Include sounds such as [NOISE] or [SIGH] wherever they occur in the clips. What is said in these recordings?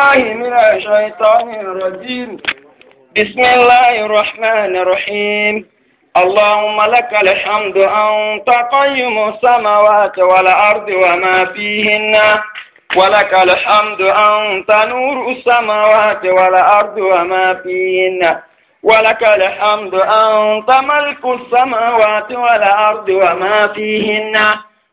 بالله من الشيطان الرجيم بسم الله الرحمن الرحيم اللهم لك الحمد أنت قيم السماوات والأرض وما فيهن ولك الحمد أنت نور السماوات والأرض وما فيهن ولك الحمد أنت ملك السماوات والأرض وما فيهن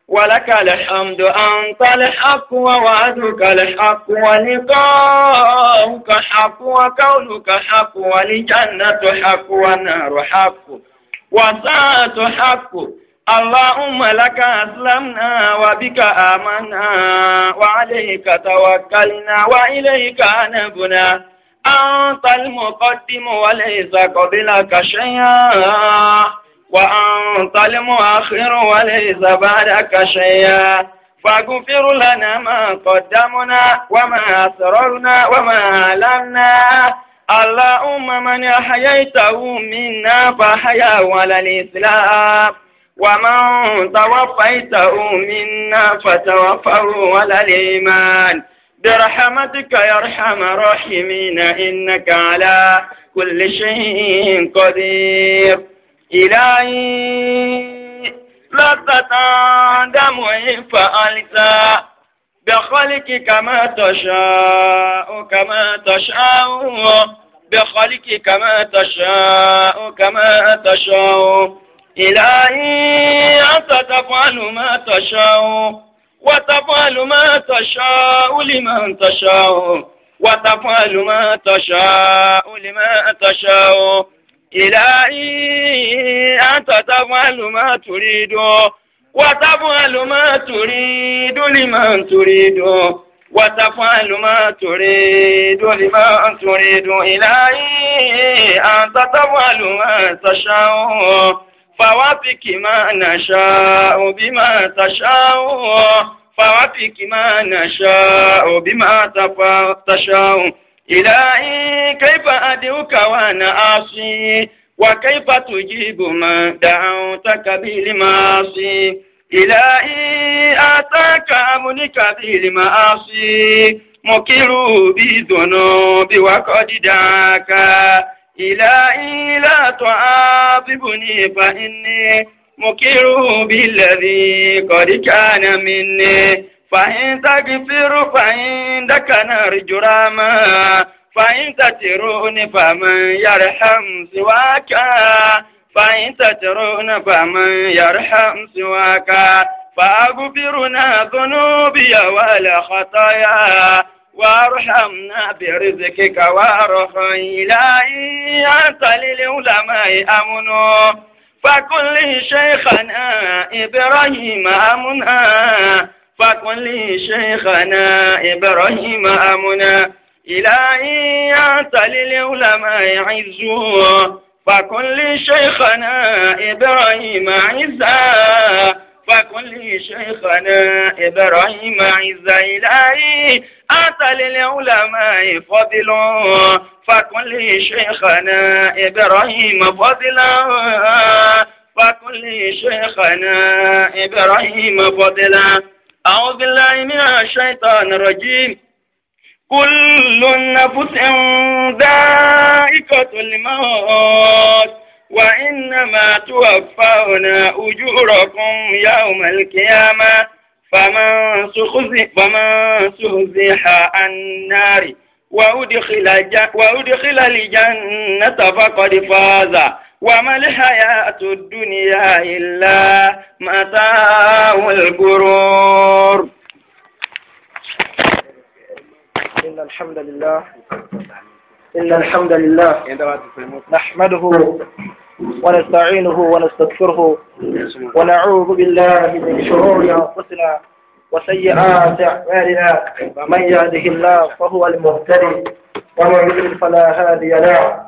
ولك الحمد أنت الحق ووعدك الحق ولقاؤك حق وقولك حق والجنة حق والنار حق وساعة حق اللهم لك أسلمنا وبك آمنا وعليك توكلنا وإليك أنبنا أنت المقدم وليس قبلك شيئا وأنت المؤخر وليس بعدك شيئا فاغفر لنا ما قدمنا وما أسررنا وما أعلنا اللهم من أحييته منا فحيا ولا الإسلام ومن توفيته منا فتوفه ولا الإيمان برحمتك يا أرحم الراحمين إنك على كل شيء قدير إلهي لست تعدم إن فعلت بخلقك ما تشاء كما تشاء بخلقك ما تشاء كما تشاء إلهي أنت تفعل ما تشاء وتفعل ما تشاء لمن تشاء وتفعل ما تشاء لمن تشاء إلهي أنت تفعل ما تريد وتفعل ما تريد لمن تريد وتفعل ما تريد لمن تريد إلهي أنت تفعل ما تشاء فوافق ما نشاء بما تشاء فوافق ما نشاء بما تشاء إلهي كيف أدعوك وأنا عاصي وكيف تجيب من دعوتك بالمعاصي إلهي أتاك أمنك بالمعاصي مكر بذنوب وقد دعاك إلهي لا تعاقبني فإني مكر بالذي قد كان مني فإن تكفروا فعندك نار جراما فإن تترون فمن يرحم سواك فإن تترون فمن يرحم سواك فأغفرنا ذنوبي والخطايا وارحمنا برزقك وارحم إلهي أنت للعلماء أمنو فكل شيخنا إبراهيم أمنا فقل لي شيخنا إبراهيم أمنا إلهي أنت للعلماء عزوا فقل لي شيخنا إبراهيم عزا فقل لي شيخنا إبراهيم عزا إلهي أنت للعلماء فضلا فقل لي شيخنا إبراهيم فضلا فقل لي شيخنا إبراهيم فضلا أعوذ بالله من الشيطان الرجيم كل نفس ذائقة الموت وإنما توفون أجوركم يوم القيامة فمن سخزح فمن عن النار وأدخل, وأدخل الجنة فقد فاز وما الحياة الدنيا إلا متاع الغرور إن الحمد لله إن الحمد لله نحمده ونستعينه ونستغفره ونعوذ بالله من شرور أنفسنا وسيئات أعمالنا من يهده الله فهو المهتدي ومن يضلل فلا هادي له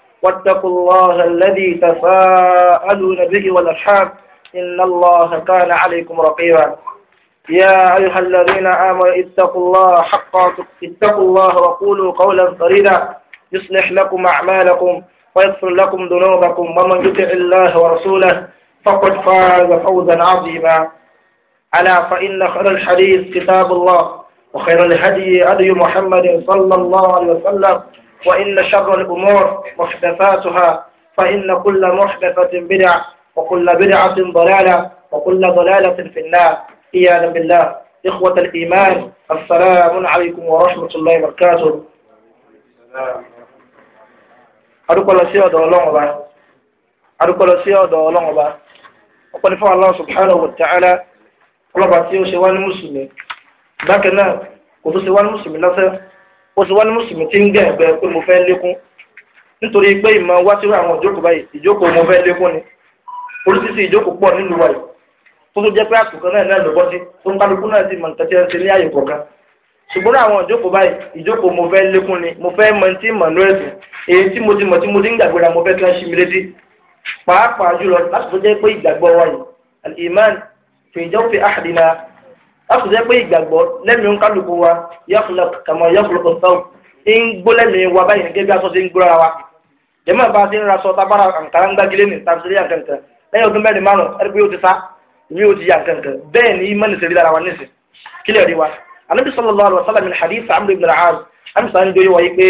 واتقوا الله الذي تساءلون به والأرحام إن الله كان عليكم رقيبا يا أيها الذين آمنوا اتقوا الله حقا اتقوا الله وقولوا قولا سديدا يصلح لكم أعمالكم ويغفر لكم ذنوبكم ومن يطع الله ورسوله فقد فاز فوزا عظيما ألا فإن خير الحديث كتاب الله وخير الهدي هدي محمد صلى الله عليه وسلم وإن شر الأمور محدثاتها فإن كل محدثة بدعة وكل بدعة ضلالة وكل ضلالة في النار إيانا بالله إخوة الإيمان السلام عليكم ورحمة الله وبركاته أرقل سيادة الله وبا أرقل سيادة الله وبا وقال الله سبحانه وتعالى الله بعثيه سوى المسلمين لكن كنت سوى المسلمين لا ó sì wá ní mùsùlùmí tí ń gẹ̀ ẹ̀gbẹ́ pé mo fẹ́ lékún nítorí pé ìmọ̀ wá sí àwọn ìjókòó báyìí ìjókòó mo fẹ́ lékún ni oríṣiríṣi ìjókòó pọ̀ nílùú wa yìí tó tó jẹ́ pé àsìkò náà náà ló bọ́ sí tó ń kálukú náà sì mọ̀ nǹkan tí wọ́n ti ní àyè kọ̀ọ̀kan ṣùgbọ́n àwọn ìjókòó báyìí ìjókòó mo fẹ́ lékún ni mo fẹ́ mọ tí mọ̀ lórí ẹ̀sìn èyí tí mo ti mọ̀ tí mo ti ń gbàgbéra mo fẹ́ kí wọ́n ṣí mi létí pàápàá jùlọ láti tó jẹ́ pé ìgbàgbọ́ wa yìí iman fi jawfi ahadina láti jẹ́ pé ìgbàgbọ́ lẹ́mìí ń kálukú wa yọkùnlọ kàmọ yọkùnlọ kò sọ ń gbó lẹ́mìí wa báyìí gẹ́gẹ́ bí aṣọ ṣe ń gbóra wa jẹ́mọ̀ bá a ṣe ń raṣọ tábàrà àǹkárá ń gbàgílé ní tàbísílẹ̀ yankankan lẹ́yìn ọdún mẹ́rin márùn-ún ẹ̀rí pé ó ti sá ìmí ó ti yankankan bẹ́ẹ̀ ni ìmọ̀ nìṣẹ́ lára wa níṣẹ́ kílẹ̀ rí wa anabi sallallahu alaihi wa sallam min hadith amr ibn al-aas amsa ń jọyọ̀ wáyé pé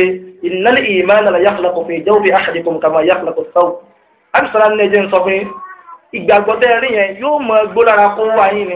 innal iman la yakhlaqu fi jawfi ahadikum kama yakhlaqu ath-thawb amsa ń nẹ́jẹ̀ ń sọ fún ìgbàgbọ́ tẹ́ rí yẹn yóò mọ gbólára kó wáyé ni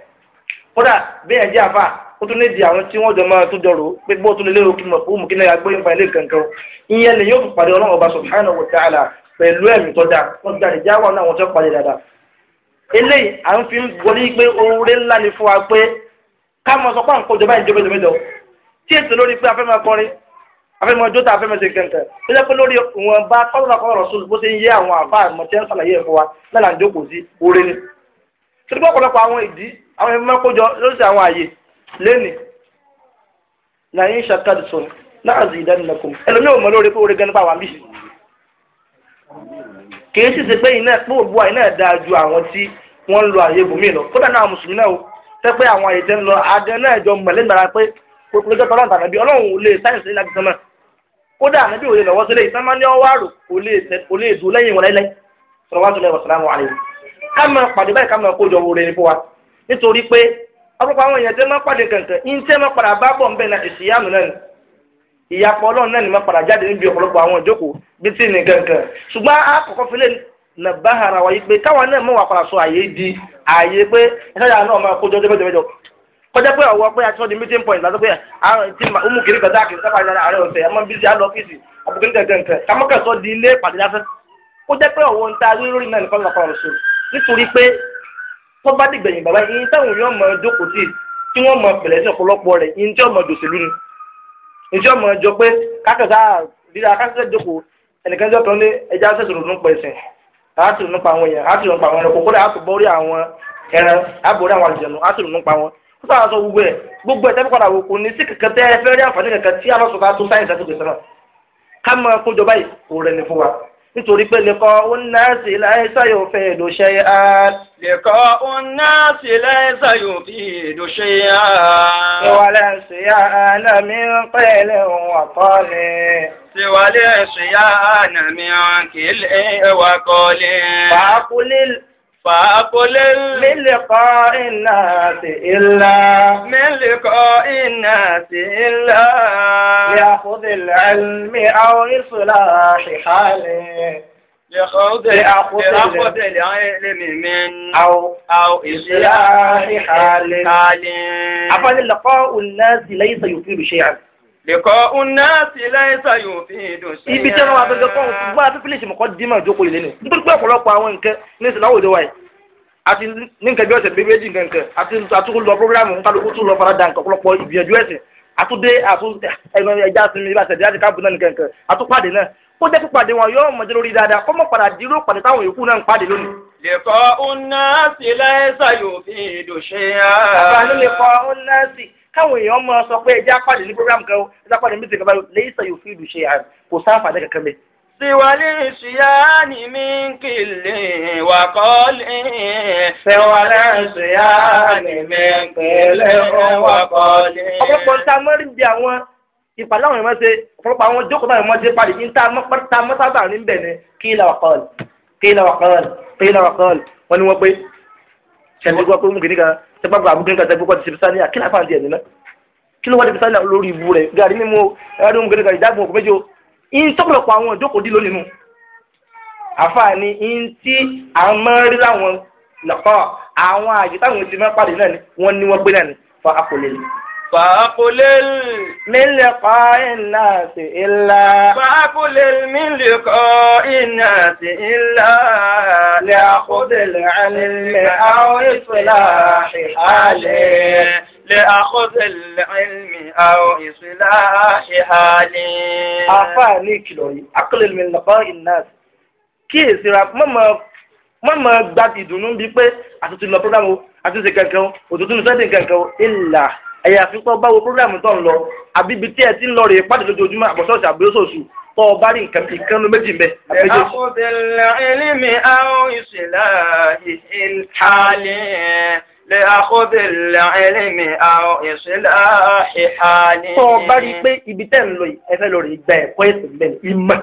kódà bẹ́ẹ̀ jẹ́ àfà ó tún lè di àwọn tí wọ́n jọ máa tó jọ rò ó pé bó tún lè lérò kí mo kú mu kí náà gbé nípa ilé kankan ìyẹn lè yóò fi pàdé ọlọ́run ọba subhanahu wa ta'ala pẹ̀lú ẹ̀mí tó dáa wọ́n gba ìjà wà náà wọ́n tó pàdé dáadáa. eléyìí à ń fi wọlé pé oore ńlá ni fún wa pé ká mọ sọ pé à ń kọjọba ìjọba ìjọba ìjọba tí èsì lórí pé afẹ́ máa kọrin afẹ́ máa jóta afẹ́ máa ṣe kankan tó jẹ́ pé lórí wọn àwọn ẹbí máa kójọ lóṣìṣẹ́ àwọn àyè lẹ́nìí làyín ṣàkàdì sọ̀rọ̀ láàzì ìdánilẹ́kùn ẹlòmí ò mọ lórí pé orí gẹ́nu pa wà ń bì kì í sì ṣe pé iná pé òbúwa iná dáa ju àwọn tí wọ́n ń lo àyè bòmí lọ kódà náà mùsùlùmí náà o tẹ́ pé àwọn àyè tẹ́ ń lọ adé náà jọ mọ̀lẹ́ gbára pé lójọ́ tọ́lọ́ tàbí bí ọlọ́run lè sáyẹ̀nsì ní láti sánmà kódà ànábì òye lọ́wọ́ sílẹ̀ ìsánmà ní ọwọ́ àrò kò lè dùn lẹ́yìn wọn láíláí sọ̀rọ̀ wá sọ̀rọ̀ wàsálàmù àlẹ́ ká máa pàdé báyìí ká máa kó jọ wo rẹ̀ ní fún wa nítorí pé ọ̀pọ̀lọpọ̀ àwọn èèyàn tẹ́ máa pàdé kankan yín tẹ́ máa padà bá bọ̀ nbẹ̀ náà ìsìyàmù náà ni ìyàpọ̀ ọlọ́run náà ni máa padà jáde níbi ọ̀pọ̀lọpọ̀ àwọn ìjókòó bíi tí nìkan kan ṣùgbọ́n a kọ́kọ́ fi lè nà bá ara wa yìí pé káwa náà mọ̀ wà padà sọ àyè di àyè pé ẹ̀ṣọ́jà náà máa kójọ jẹ́bẹ́jẹ́bẹ́jọ kọjá pé ọwọ́ pé àtúntò di meeting point lásán pé àwọn tí umu kiri kan dáàkì nípa ìlànà àárẹ̀ ọ̀sẹ̀ àmọ́ bíi ti àlọ́ ọ́fíìsì àbùkún kankan kan kàmọ́kàn sọ di ilé ìpàdé lásán kọjá pé ọwọ́ ń ta lórí náà nìkan lọ́kọ̀ọ́ rẹ̀ sọ nítorí pé tó bá dìgbẹ̀yìn bàbá yìí táwọn yóò mọ jókòó tì tí wọ́n mọ pẹ̀lẹ́ sí ọ̀pọ̀lọpọ̀ rẹ̀ yìí tí ọmọ dòṣèlú ni yìí tí ọmọ jọ pé kákẹ́sà rírà kákẹ́sà jókòó ẹnìkan jọ kan ní ẹja sẹ̀sọ̀rọ̀ nípa ẹ̀sìn àti nípa àwọn èèyàn àti nípa àwọn ẹranko kódà àti bọ́rí àwọn ẹran àbòrí àwọn àlùjẹ̀nu àti nípa wọn ó sọ àwọn gbogbo ẹ̀ gbogbo ẹ̀ tẹ́fẹ́ padà wò kò ní sí kankan tẹ́ fẹ́ rí àǹfààní kankan tí alọ́sọ̀tà tó sáyẹ̀nsì àti gbèsè náà ká máa kójọ báyìí kò rẹ̀ ní fún wa nítorí pé lè kọ́ onáàsì láìsá yóò fẹ́ èdò ṣe é á. lè kọ́ onáàsì láìsá yóò fi èdò ṣe é á. ìwàlẹ̀ ṣe yá àná mi ń pẹ̀lẹ́ ohun ọ̀tọ́ ni. ìwàlẹ̀ ṣe yá àná mi ń kí lè kọ́lé. wàá فأقل من لقاء الناس إلا من لقاء الناس إلا لأخذ العلم أو إصلاح حاله لأخذ العلم من أو أو إصلاح حال أفعل لقاء الناس ليس يفيد شيئا ìkọ́ unnasi láìsà yóò fi ìdùn ṣe. ibi tí wọn wá gẹ́gẹ́ fún un gbọ́dọ̀ fífi lè ṣe mọ̀kọ́ dímọ̀ ìjókòó yìí nínú nítorí pé ọ̀pọ̀lọpọ̀ àwọn nǹkan ní ìsìn láwùjọ wa yìí àti ní nǹkan bí ọ̀sẹ̀ bíbélì nǹkan nǹkan àti àtúkú lọ programu kálukú tún lọ farada nǹkan ọ̀pọ̀lọpọ̀ ìgbìyànjú ẹ̀sìn àtúndé àtúndé ẹja sinmi ibà tẹ̀lé yóò mọ̀jẹ́ lórí dáadáa kó mọ̀ padà lẹ́kọ̀ọ́ unnasi láìsà káwọn èèyàn máa sọ pé ẹjẹ́ apàdé ní program kan ẹjẹ́ apàdé ní mítìkì báyìí lẹ́yìn sọ yóò fi ìlú ṣe àrùn kò sáǹfààní kankan bẹ́ẹ̀. Siwali siyani min kili wa kọ́lì. Siwali siyani min kili wa kọ́lì. Ọ̀pọ̀lọpọ̀ nta mọ́rí bí àwọn ìpàdé àwọn ìmọ̀ ṣe ọ̀pọ̀lọpọ̀ àwọn jókòó báyìí wọ́n ṣe parí nta mọ́sábà ní bẹ̀ ni kílà wa kọ́lì kílà wa kọ́lì kílà wa kọ́lì wọ́n ni wọ́n pé ṣẹ̀lú gbọ́ pé sẹpàgbà àbúkẹ́ nǹkan sẹpẹ́ kọ́ ti ṣe bisálì à ah, kí ni àfàǹdì ẹ̀ nínú kí ló wá ti bisálì lórí ibu rẹ̀ gàrí mímu ẹ̀rí mímu gẹ́gẹ́ ìdáàbò òkú méjì o in tọ́pọ̀lọpọ̀ àwọn ìjókòó dì lónìí nu àfààní in tí à ń mọ́ rí lọ́kọ́ àwọn àyè táwọn ti máa pàdé náà ni wọ́n ní wọ́n gbé náà ni fa akọlẹ́lì. fa akọlẹ́lì. mi lè kọ́ ẹ̀ náà sí ilá. fa نقلل من لقاء الناس إلا لأخذ العلم أو إصلاح حاله لأخذ العلم أو إصلاح حاله àfààní ìkìlọ̀ yìí أقلل من لقاء الناس kíyèsí ra mọ́mọ́ mọ́mọ́ gba ìdùnnú bíi pé àtúntò ìlọ program o àtúntò kankan o òtútù ní sẹ́ẹ̀dì kankan o ìlà ẹ̀yà àfikún báwo program tó ń lọ àbíbi tí ẹ ti ń lọ rèé pàdé lójoojúmọ́ àbọ̀sọ̀ọ̀sẹ̀ àbúrò sọ̀sù tọ́ ọ bá rí nǹkan bíi kánú méjì mbẹ́. àkùdìlẹ̀ ìlímì àwọn ìṣẹ̀lẹ̀ ìhìlẹ̀ لأخذ العلم أو إصلاح حالي tó bá rí pé ibi tẹ́ ń lọ yìí ẹ fẹ́ lọ rí gba ẹ̀kọ́ ẹ̀sìn bẹ́ẹ̀ ìmọ̀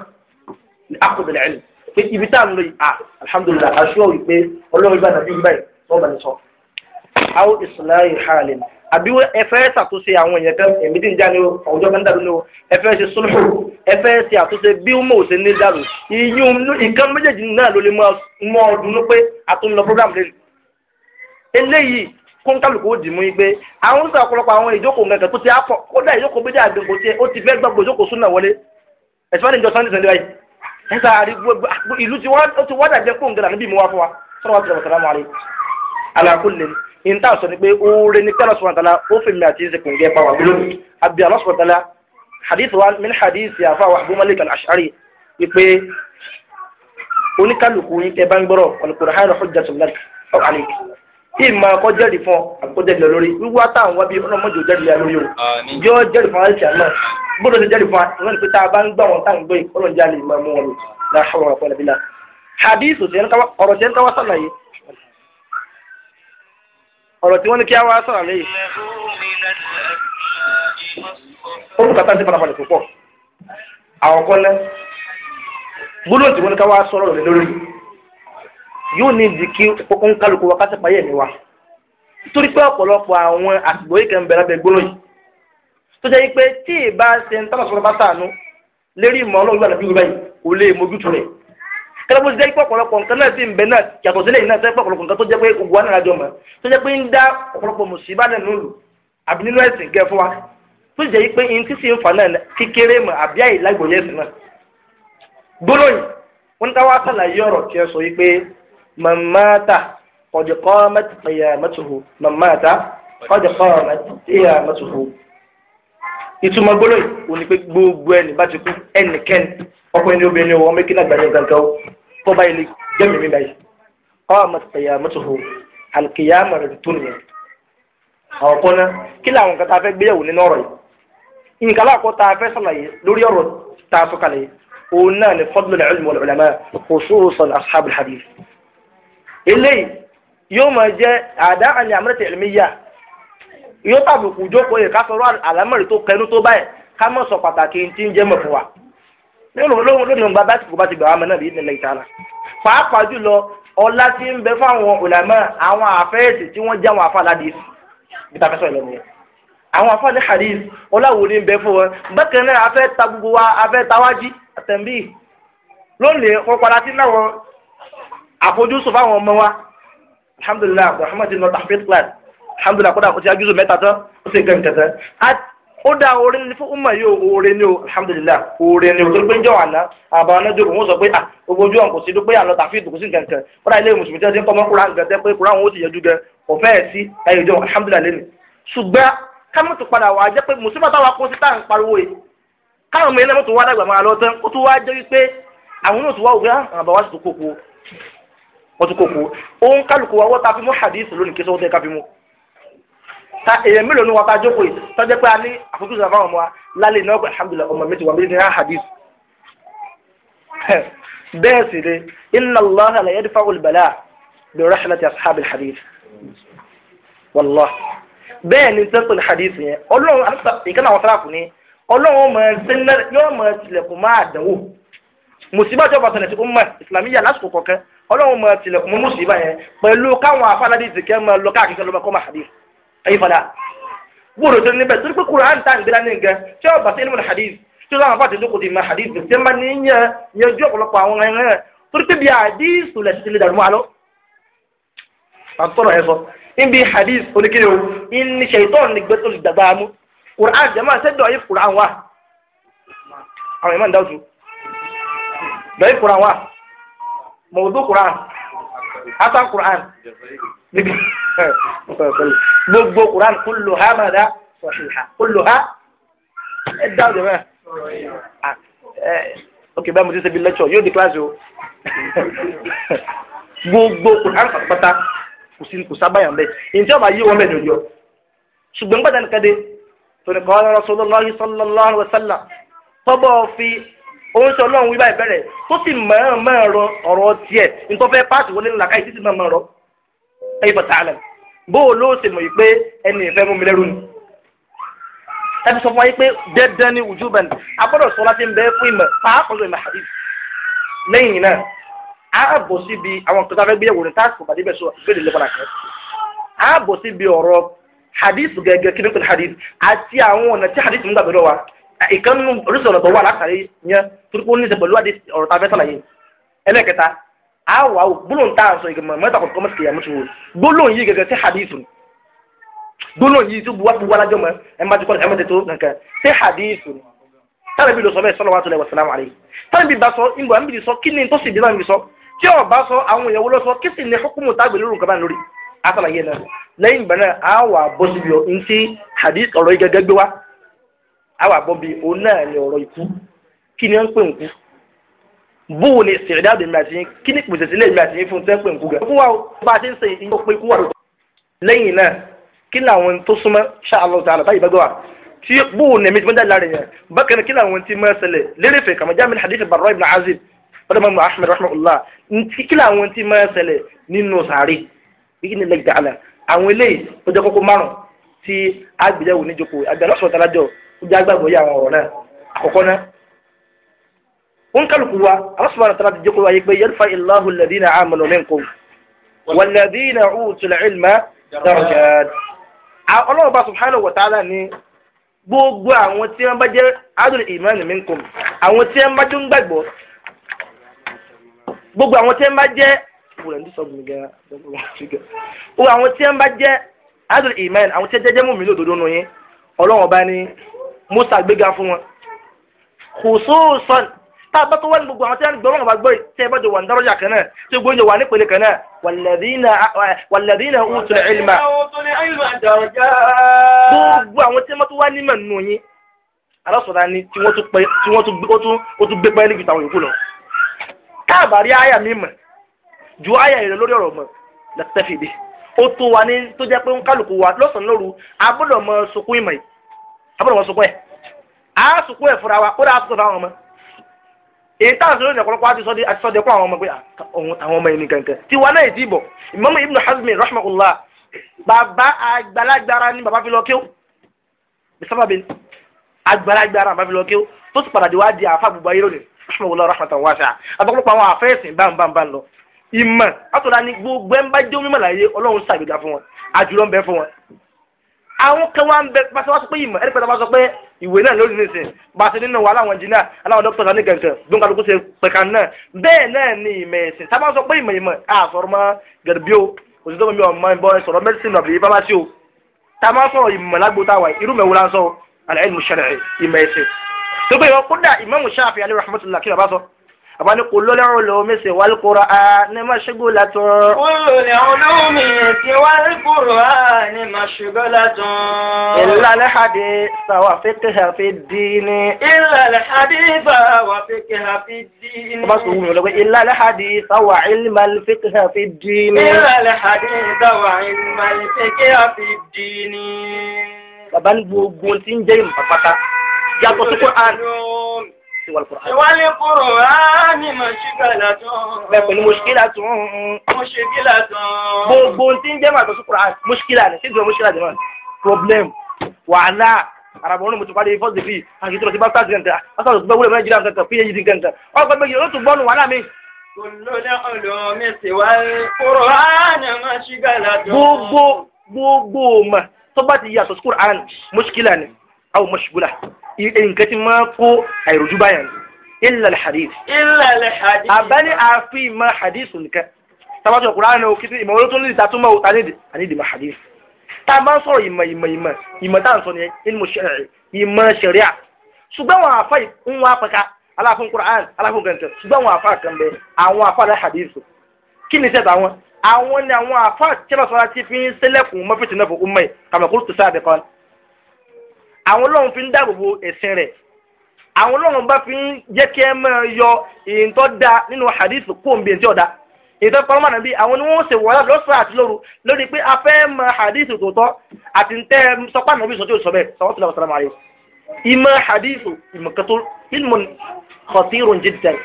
لأخذ العلم pé ibi tá à ń lọ yìí ah alhamdulilah aṣọ wípé ọlọ́run bá nàbí yìí báyìí wọ́n bá ní sọ. أو إصلاح حالي àbí ẹ fẹ́ ṣàtúnṣe àwọn èèyàn kan èmi tí ń já ni o àwùjọ kan ń dàrú ni o ẹ fẹ́ ṣe sólùkù ẹ fẹ́ ṣe àtúnṣe bí ó mọ̀ ò ṣe ní dàrú ìyún nǹkan méjèèjì náà ló lè mọ ọdún pé a tún lọ program lẹ́nu. eléyìí kóńkálùkù ó dì mú yín pé àwọn oníṣẹ́ ọ̀pọ̀lọpọ̀ àwọn ìjókòó nǹkan tó ti á pọ̀ kódà ìjókòó méjì àgbègbè tí ó ti fẹ́ gbàgbọ́ ìjókòó súnà wọlé ẹ̀sìn ìta sọ ni pé oore ni kálọ̀ sọ̀rọ̀ tala ó fi mi àti ìsìnkú ngẹ́ pa wà lónìí àbí àlọ́ sọ̀rọ̀ tala hadith wa min hadith ya fa wa abu malik al-ashari wípé oníkálukú yín tẹ bá ń gbọ́rọ̀ al-Qur'an hujjatun lak aw alayk ìmọ̀ akọ́ jẹ́rìí fún akọ́ jẹ́rìí lórí wíwá táwọn wá bí ọlọ́mọdé jẹ́rìí lórí o yọ jẹ́rìí fún àìsàn náà gbọ́dọ̀ ti jẹ́rìí fún àwọn ìpè tá a bá ń gbà wọn táwọn gbé ọlọ́njà lè máa mú wọn lò láhàwọn àfọlẹ́bí náà hadith ọ̀rọ̀ tí ń káwá sàlàyé ọ̀rọ̀ tí wọ́n ní kí a wá sọ̀rọ̀ lẹ́yìn. ó ń kàtà sí farabalẹ̀ púpọ̀ àwọn kan lẹ́ gbólóhùn tí wọ́n ní ká wá sọ̀rọ̀ rẹ̀ lórí yóò ní ìdí kí ń kálukú wa kásẹ̀ payẹ̀ mi wa torí pé ọ̀pọ̀lọpọ̀ àwọn àsìkò yìí kan bẹ̀rẹ̀ bẹ̀ gbólóhùn yìí tó jẹ́ pé tí ì bá ṣe ń tọ́lọ̀ sọ̀rọ̀ bá tàánú lérí ìmọ̀ ọlọ́run gbàdúrà bí wọ́n báyìí kò lè mójútó rẹ̀ kẹlẹ́ bó ṣe jẹ́ pé ọ̀pọ̀lọpọ̀ nǹkan náà sì ń bẹ náà yàtọ̀ sílẹ̀ yìí náà sẹ́pẹ̀ ọ̀pọ̀lọpọ̀ nǹkan tó jẹ́ pé ògùn àná àjọ mọ̀ tó jẹ́ pé ń dá ọ̀pọ̀lọpọ̀ mùsùlùmí náà lòlù àbí nínú ẹ̀sìn gẹ̀ fún wa tó jẹ́ pé sì ń náà kékeré mọ̀ àbí àyè náà. gbólóyìn wọn sàlàyé ọ̀rọ̀ tọ́ba ilé jẹ́mi mi báyìí qamat qiyamatuhu alkiyama rẹ̀ tó nìyẹn. àwọn kan náà kí làwọn nǹkan tá a fẹ́ gbéyàwó nínú ọ̀rọ̀ yìí nǹkan aláàkọ́ tá a fẹ́ sàlàyé lórí ọ̀rọ̀ tá a sọ kalẹ̀ òun náà ni fadlul ilmi wal ulama khususan ashabul hadith. eléyìí yóò máa jẹ́ àdá àni àmúrẹ́tì ilmiya yóò tàbùkù jókòó yìí ká sọ̀rọ̀ àlámọ̀rì tó kẹnu tó báyìí ká mọ̀ sọ pàtàkì tí ń jẹ́ mọ̀ fún wa lónìí lónìí gba bá ti kó bá ti gbà wá mọ náà bí nílẹ̀ ìtara pàápàá jùlọ ọlá tí ń bẹ fáwọn ulama àwọn àfẹ́ẹ̀sì tí wọ́n jẹ́ àwọn afáàládìs bí tàfẹ́ sọ̀rọ̀ lọ́wọ́ àwọn afáàlẹ́ hadith ọláwo ni ń bẹ fún wọn bákan náà afẹ́ ta gbogbo wa afẹ́ tawájí àtẹ̀mbí lónìí wọ́n padà sí náà àfojúsùn fáwọn ọmọ wa alhamdulilayi abdulhamid nọ tàfẹ́ class alhamdulilayi kódà kò ti ajúzù mẹ́ta tán ó sì gẹ̀ ó dá oore ní fún umma yìí o oore ni o alhamdulilah oore ni o tó gbẹ́njọ́ àná àbá anájọ́rò wọn sọ pé à ah, gbogbo ojú àwọn kò sí dúpẹ́ àlọ́ tàfi ìdòkú sí nǹkan kan wọ́n dá ilé mùsùlùmí tẹ́lẹ̀ tí ń kọ́ mọ́ kúrán nǹkan tẹ́ pé kúrán wọn ó ti yẹjú gan ọ̀fẹ́ ẹ̀ sí ẹ̀yìn ìjọ alhamdulilah lẹ́nu. ṣùgbọ́n kámọ́tò padà wà á jẹ́ pé mùsùlùmí táwa kó sí tá à ń pariwo yìí káwọn mẹ́rin náà tó ta èèyàn mélòó ni wọn ta jókòó yìí tọ́jú pé a ní àfojúsùn àfáwọn ọmọ wa lálẹ́ iná ọgbà alhamdulilayi ọmọ méjì wà méjì ní ahadis. [LAUGHS] bẹ́ẹ̀ sì ni inna allah la yadfa olùbẹ̀lá bí rahmat ashabil hadith wallah bẹ́ẹ̀ ni tẹ́sán hadith yẹn ọlọ́run ìkànnì àwọn sáláàfù ni ọlọ́run yóò mọ̀ tilẹ̀kùn máa dánwò musiba tí bá ṣẹlẹ̀ sí umma islamiyya lásìkò kọ̀ọ̀kan ọlọ́run mọ̀ tilẹ̀kùn mú musiba yẹn pẹ̀lú káwọn afáàládìsì kẹ́ mọ̀ lọ́kà àkíkẹ́ lọ́mọ kọ́ ẹ̀yin fọlá gbọ́dọ̀ tó níbẹ̀ torí pé Kùránì tá à ń gbéra ní nǹkan tí ó bá sí ilmu hadith tí ó láwọn fàtí lóko ti ma hadith tí ó máa ní yẹn yẹn ju ọ̀pọ̀lọpọ̀ àwọn ẹ̀rọ ẹ̀ torí pé bí hadith tó lẹ̀ sí ti lè dàrú máa lọ. àtọ́rọ̀ ẹ sọ níbi hadith oníkiri o ní ṣèyítọ́ ní gbé tó lè dàgbà mú Kùránì jẹ́mọ́ ṣé dọ̀ yìí Kùránì wa àwọn ìmọ̀ ń dọ̀ yìí Kùránì wa mọ̀ọ́dún Kùránì gbogbo quran kúlò ha máa dá sọ̀hìhà kúlò ha ẹ dá ọ̀dọ̀ mẹ́rin ah, ok báyìí mo ti ṣe bí lecture yóò di kíláàsì o gbogbo quran pátápátá kò sí kò sábàyàn bẹ́ẹ̀ ǹjẹ́ ọba yí wọn bẹ́ẹ̀ ni o ṣùgbọ́n gbọ́dọ̀ nìkan dé torí kọ́ ọ́ Rasulullahi sallallahu alaihi wasallam tọ́bọ̀ fi òun sọ lọ́run wíwá ìbẹ̀rẹ̀ tó sì mọ̀ọ́mọ́ ọ̀rọ̀ tiẹ̀ nítorí fẹ́ pàṣẹ wọlé ńlá káyìí títí mọ̀ọ́mọ́ ọ̀rọ̀ ẹ̀yìn fọ̀tà àlẹ́ bó o ló ṣe mọ̀ yìí pé ẹni ìfẹ́ mú mi lẹ́rú ni ẹ fi sọ fún wa yìí pé dandan ni ojú bẹ̀ ni agbọ́dọ̀ sọ láti ń bẹ fún ìmọ̀ pàápàá ìmọ̀ àdìs lẹ́yìn náà a bọ̀ síbi àwọn nǹkan tó fẹ́ gbéyàwó ní táàsì pàdé bẹ̀ sọ gbélé lọ́kọ̀ náà kẹ́ a bọ̀ síbi ọ̀rọ̀ hadith gẹ́gẹ́ kí ni kò ní hadith àti àwọn ọ̀nà tí hadith ń gbà bẹ̀rẹ̀ wa ìkànnì oríṣiríṣi ọ̀nà tó wà látàrí yẹn torí pé ó ní í ṣe pẹ̀lú ọ̀rọ̀ tá fẹ́ sàlàyé ẹlẹ́kẹta awa o gbólóhùn so à ń sọ ìgbìmọ̀ mẹ́ta kọ̀ọ̀kan mọ́sìkì yà mọ́sìkì wo gbólóhùn yìí gẹ́gẹ́ sí hadith gbólóhùn yìí tó buwá buwá lájọ́ mọ́ ẹ má ti kọ́ ẹ má ti tó nǹkan sí hadith tálẹ̀ bí lọ sọ bẹ́ẹ̀ sallallahu alaihi wasallam tálẹ̀ bí bá sọ ìgbà ń bìrì sọ kí ni tó sì bí náà ń bì sọ tí ò bá sọ àwọn èèyàn wo lọ sọ kí sì ni hukumu tágbè lórí nǹkan bá lórí àtàlàyé náà lẹ́yìn ìgbà náà á wà bọ́ síbi ọ̀ ntí hadith ọ̀rọ̀ yìí gẹ́gẹ́ gbé wá á wà bọ́ bí ni ọ̀rọ̀ ikú kí ni ó ń bóò lè ṣèrè dáàbò èmi àti yín kí ni pèsè sílẹ̀ èmi àti yín fún tẹ́pẹ̀ nkú gan. fún wa o bá a ti ń ṣe ìyẹn ó pé kú wà lóko. lẹ́yìn náà kí làwọn tó súnmọ́ ṣáàlọ́ tààlà báyìí bá gbọ́ wa tí bóò ní èmi ti mọ́ dáàbò láàrin yẹn bákan náà kí làwọn ti máa ṣẹlẹ̀ lérèfé kàmá jáàmì hadith barra ibn azib ọdọ mamu ahmed rahmanulah kí làwọn ti máa ṣẹlẹ̀ nínú sàárè yìí ní lẹ́gbẹ̀ẹ́ àlà àwọn eléyìí ó jẹ́ kókó márùn tí agbèjáwò níjókòó àgbẹ̀ lọ́sọ̀ọ́ kálukú wa Allah subhanahu wa ta'ala ti jẹ́ kó wáyé pé yarfa illahu alladhina amanu minkum walladhina utul ilma darajat. ọlọ́run bá subhanahu wa ta'ala ní gbogbo àwọn tí wọ́n bá jẹ́ adul iman minkum àwọn tí wọ́n bá jẹ́ ń gbàgbọ́ gbogbo àwọn tí wọ́n bá jẹ́ gbogbo àwọn tí wọ́n bá jẹ́ adul iman àwọn tí wọ́n jẹ́ mùmínú òdodo nù yín ọlọ́run bá ní musa gbéga fún wọn khususan tá a bá tó wá ní gbogbo àwọn tí wọ́n gbọ́ wọn bá gbọ́ tí ẹ bá jọ wà ní dárọ́jà kan náà tí gbogbo jọ wà ní ìpele kan náà wàlẹ́dínà utul ilma. gbogbo àwọn tí wọ́n tó wá ní mọ̀ nù yín alásọ̀dá ni tí wọ́n tún gbé pẹ́ẹ́lí ju tàwọn yòókù lọ. káàbàárí àyà mi mọ̀ ju àyà ìrẹ lórí ọ̀rọ̀ mọ̀ lẹ́tẹ́fì bí ó tó wa ní tó jẹ́ pé ń kálukú wa lọ́sàn-án lóru abúlọ̀ mọ sunkún ìmọ̀ yìí abúlọ̀ mọ sunkún ẹ̀ á èyí tá à ń sọ lónìí ọ̀pọ̀lọpọ̀ àti sọ́dẹ àti sọ́dẹ kún àwọn ọmọ pé ah, àwọn ọmọ yìí nìkan kan tí wọn náà yìí ti bọ̀ Imam Ibn Hazmi bàbá àgbàlagbára ni bàbá fi lọ kéw bisababi àgbàlagbára bàbá fi lọ kéw tó sì padà di wá di àfa gbogbo ayé lónìí rahmaullah rahmatan wasi'a àtọ́pọ̀lọpọ̀ àwọn àfẹ́sìn báńbáńbáń lọ ìmọ̀ àtọ́lá ni gbogbo ẹ̀ ń bá jẹ́ onímọ̀ láyé ọlọ́run ṣàgbéga fún àwọn kan wá ń bẹ pàṣẹ wá sọ pé ìmọ̀ ẹni pẹ̀lú àwọn sọ pé ìwé náà lórí nìsín pàṣẹ nínú wàhálà àwọn jìnnà aláwọ̀ dókítà ní kankan bí ṣe pẹ̀ka náà bẹ́ẹ̀ náà ni ìmọ̀ ẹ̀sìn sábà sọ pé ìmọ̀ ìmọ̀ àsọ̀rọ̀ mọ́ gẹ̀dẹ̀bí o òṣìṣẹ́ mi ọmọ ìbọn sọ̀rọ̀ mẹ́dísìn ọ̀bì fámásì o tá a máa sọ̀rọ̀ ìmọ̀ lágbo tá a wà irú mẹ́wò lásán alẹ́ ìmọ̀ ṣẹlẹ̀ ìmọ̀ ẹ̀sìn tó gbé Imam Shafi'i alẹ́ rahmatullah kí àbáni kulul ulumi siwal Qur'ani mashghulatun. kulul ulumi siwal Qur'ani mashghulatun. illa al-haditha wa fiqha fi ddini. illa al-haditha wa fiqha fi ddini. ọba sọ wúmi lọ́gbẹ́ illa al-haditha wa ilma al-fiqha fi ddini. illa al-haditha wa ilma al-fiqha fi ddini. bàbá ní gbogbo tí ń jẹ́ ìmọ̀ pátá yàtọ̀ sí Qur'an sí wàlúkúrò. ìwálé kúrò á ní mọ̀ṣíkìlá tún. bẹ́ẹ̀ pẹ̀lú mọ̀ṣíkìlá tún. mọ̀ṣíkìlá tún. gbogbo tí ń jẹ́ màtọ́ sí kúrò á mọ̀ṣíkìlá ni ṣé ìdúró mọ̀ṣíkìlá jẹ́ náà problem wàhálà arabọn mu ti pari fọ depi akitọ lọ ti bá sáàsì kankan asọ tó bẹ wúlò nàìjíríà kankan phd kankan ọkọ méjì ló tún gbọnu wàhálà mi. gbogbo gbogbo ma tó bá ti yàtọ̀ sí kúrò án mọ̀ṣíkìlá ni àwọn mọ̀ṣíkìlá nǹkan tí máa kó àìròjú báyà ni ilẹ̀ hadith. ilẹ̀ hadith. abẹ́ni àfi ìmọ̀ hadith nìkan tábàtì ọkùnrin àná òkìtì ìmọ̀ olótó ní ìtàtúmọ̀ òtà nídìí ma hadith. tá a bá ń sọ̀rọ̀ ìmọ̀ ìmọ̀ ìmọ̀ ìmọ̀ tá à ń sọ nìyẹn ilmu shar'i ìmọ̀ sharia ṣùgbọ́n àwọn àfa ń wá pẹ̀ka aláfin Qur'an aláfin gẹ̀ǹtẹ̀ ṣùgbọ́n àwọn àfa kan bẹ àwọn àfa alẹ́ hadith kí ni sẹ́ta wọn àwọn ni àwọn àfa tí wọ́n sọ àwọn ọlọ́run fi ń dáàbò bo ẹ̀sìn rẹ̀ àwọn ọlọ́run bá fi ń jẹ́ kí ẹ máa yọ èyí tó da nínú hadith kó ń bí èyí tó da èyí tó pamọ́ nàbí àwọn ni wọ́n ṣe wọ́lá lọ́sàn àti lóru lórí pé a fẹ́ mọ hadith tòótọ́ àti ń tẹ́ sọpá nàbí sọ́jú sọ bẹ́ẹ̀ sọ́wọ́n ti lọ́wọ́ sọ́lá máa yọ. ìmọ̀ hadith ìmọ̀kẹ́tọ́ ilmun khatirun jiddan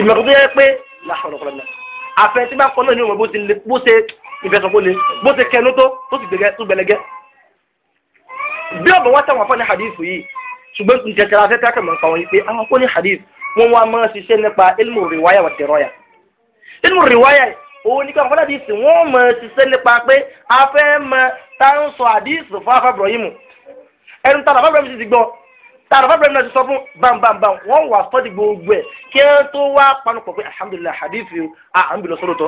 ìmọ̀kẹ́tọ́ yẹ pé làhùrọ̀kọ̀lọ́lá àfẹ́ tí bá kọ́ náà ni wọ́n bó ti lè bó ṣe ìfẹsọ̀kọ́ lè bó ṣe kẹnu tó tó sì gbẹlẹ́gẹ́ bí ọ̀bọ̀ wọn táwọn afọ́ ní hadith yìí ṣùgbọ́n ìjẹkẹrẹ afẹ́fẹ́ akẹ́mọ̀ nǹkan wọn yìí pé àwọn kò ní hadith wọn wá máa ṣiṣẹ́ nípa ilmu riwaya wà tẹ̀rọ̀yà ilmu riwaya òun ní káwọn fọládìsì wọn máa ṣiṣẹ́ nípa pé afẹ́ mọ táwọn sọ hadith fún afọ Ibrahim ẹnu tààrà afọ Ibrahim ti gbọ́ tààrà afọ Ibrahim náà ti sọ fún bambambam wọn wà sọ́ọ̀dì gbogbo ẹ̀ kí ẹ tó wá panupọ̀ pé alhamdulilayi hadith yìí ah, à ń bìlọ sọ́dọ̀ tó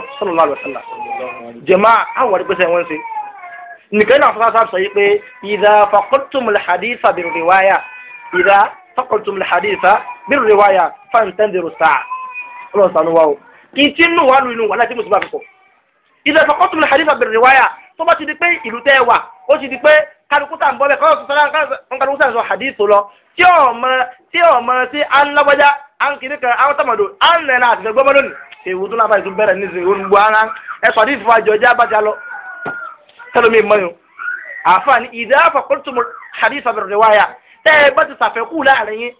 nìkan náà fúnra sọ yìí pé ìdá faqadtumul haditha bir riwaya ìdá faqadtumul haditha bir riwaya fantanziru sáà ọlọ́run sànú wa o ìtí nù wà lóyún wà láti mùsùlùmí àkọ́kọ́ ìdá faqadtumul haditha bir riwaya tó bá ti di pé ìlú tẹ́ ẹ wà ó ti di pé kálukú tá à ń bọ́ bẹ́ẹ̀ kọ́ kálukú tá à ń sọ hadith lọ tí ọmọ tí ọmọ tí alágbájá ankiri kan tẹlomi mọyọ àfààní ìdá àfàkùntùmù hadith abẹrẹ riwaya tẹ ẹ bá ti sàfẹkù láàrin yín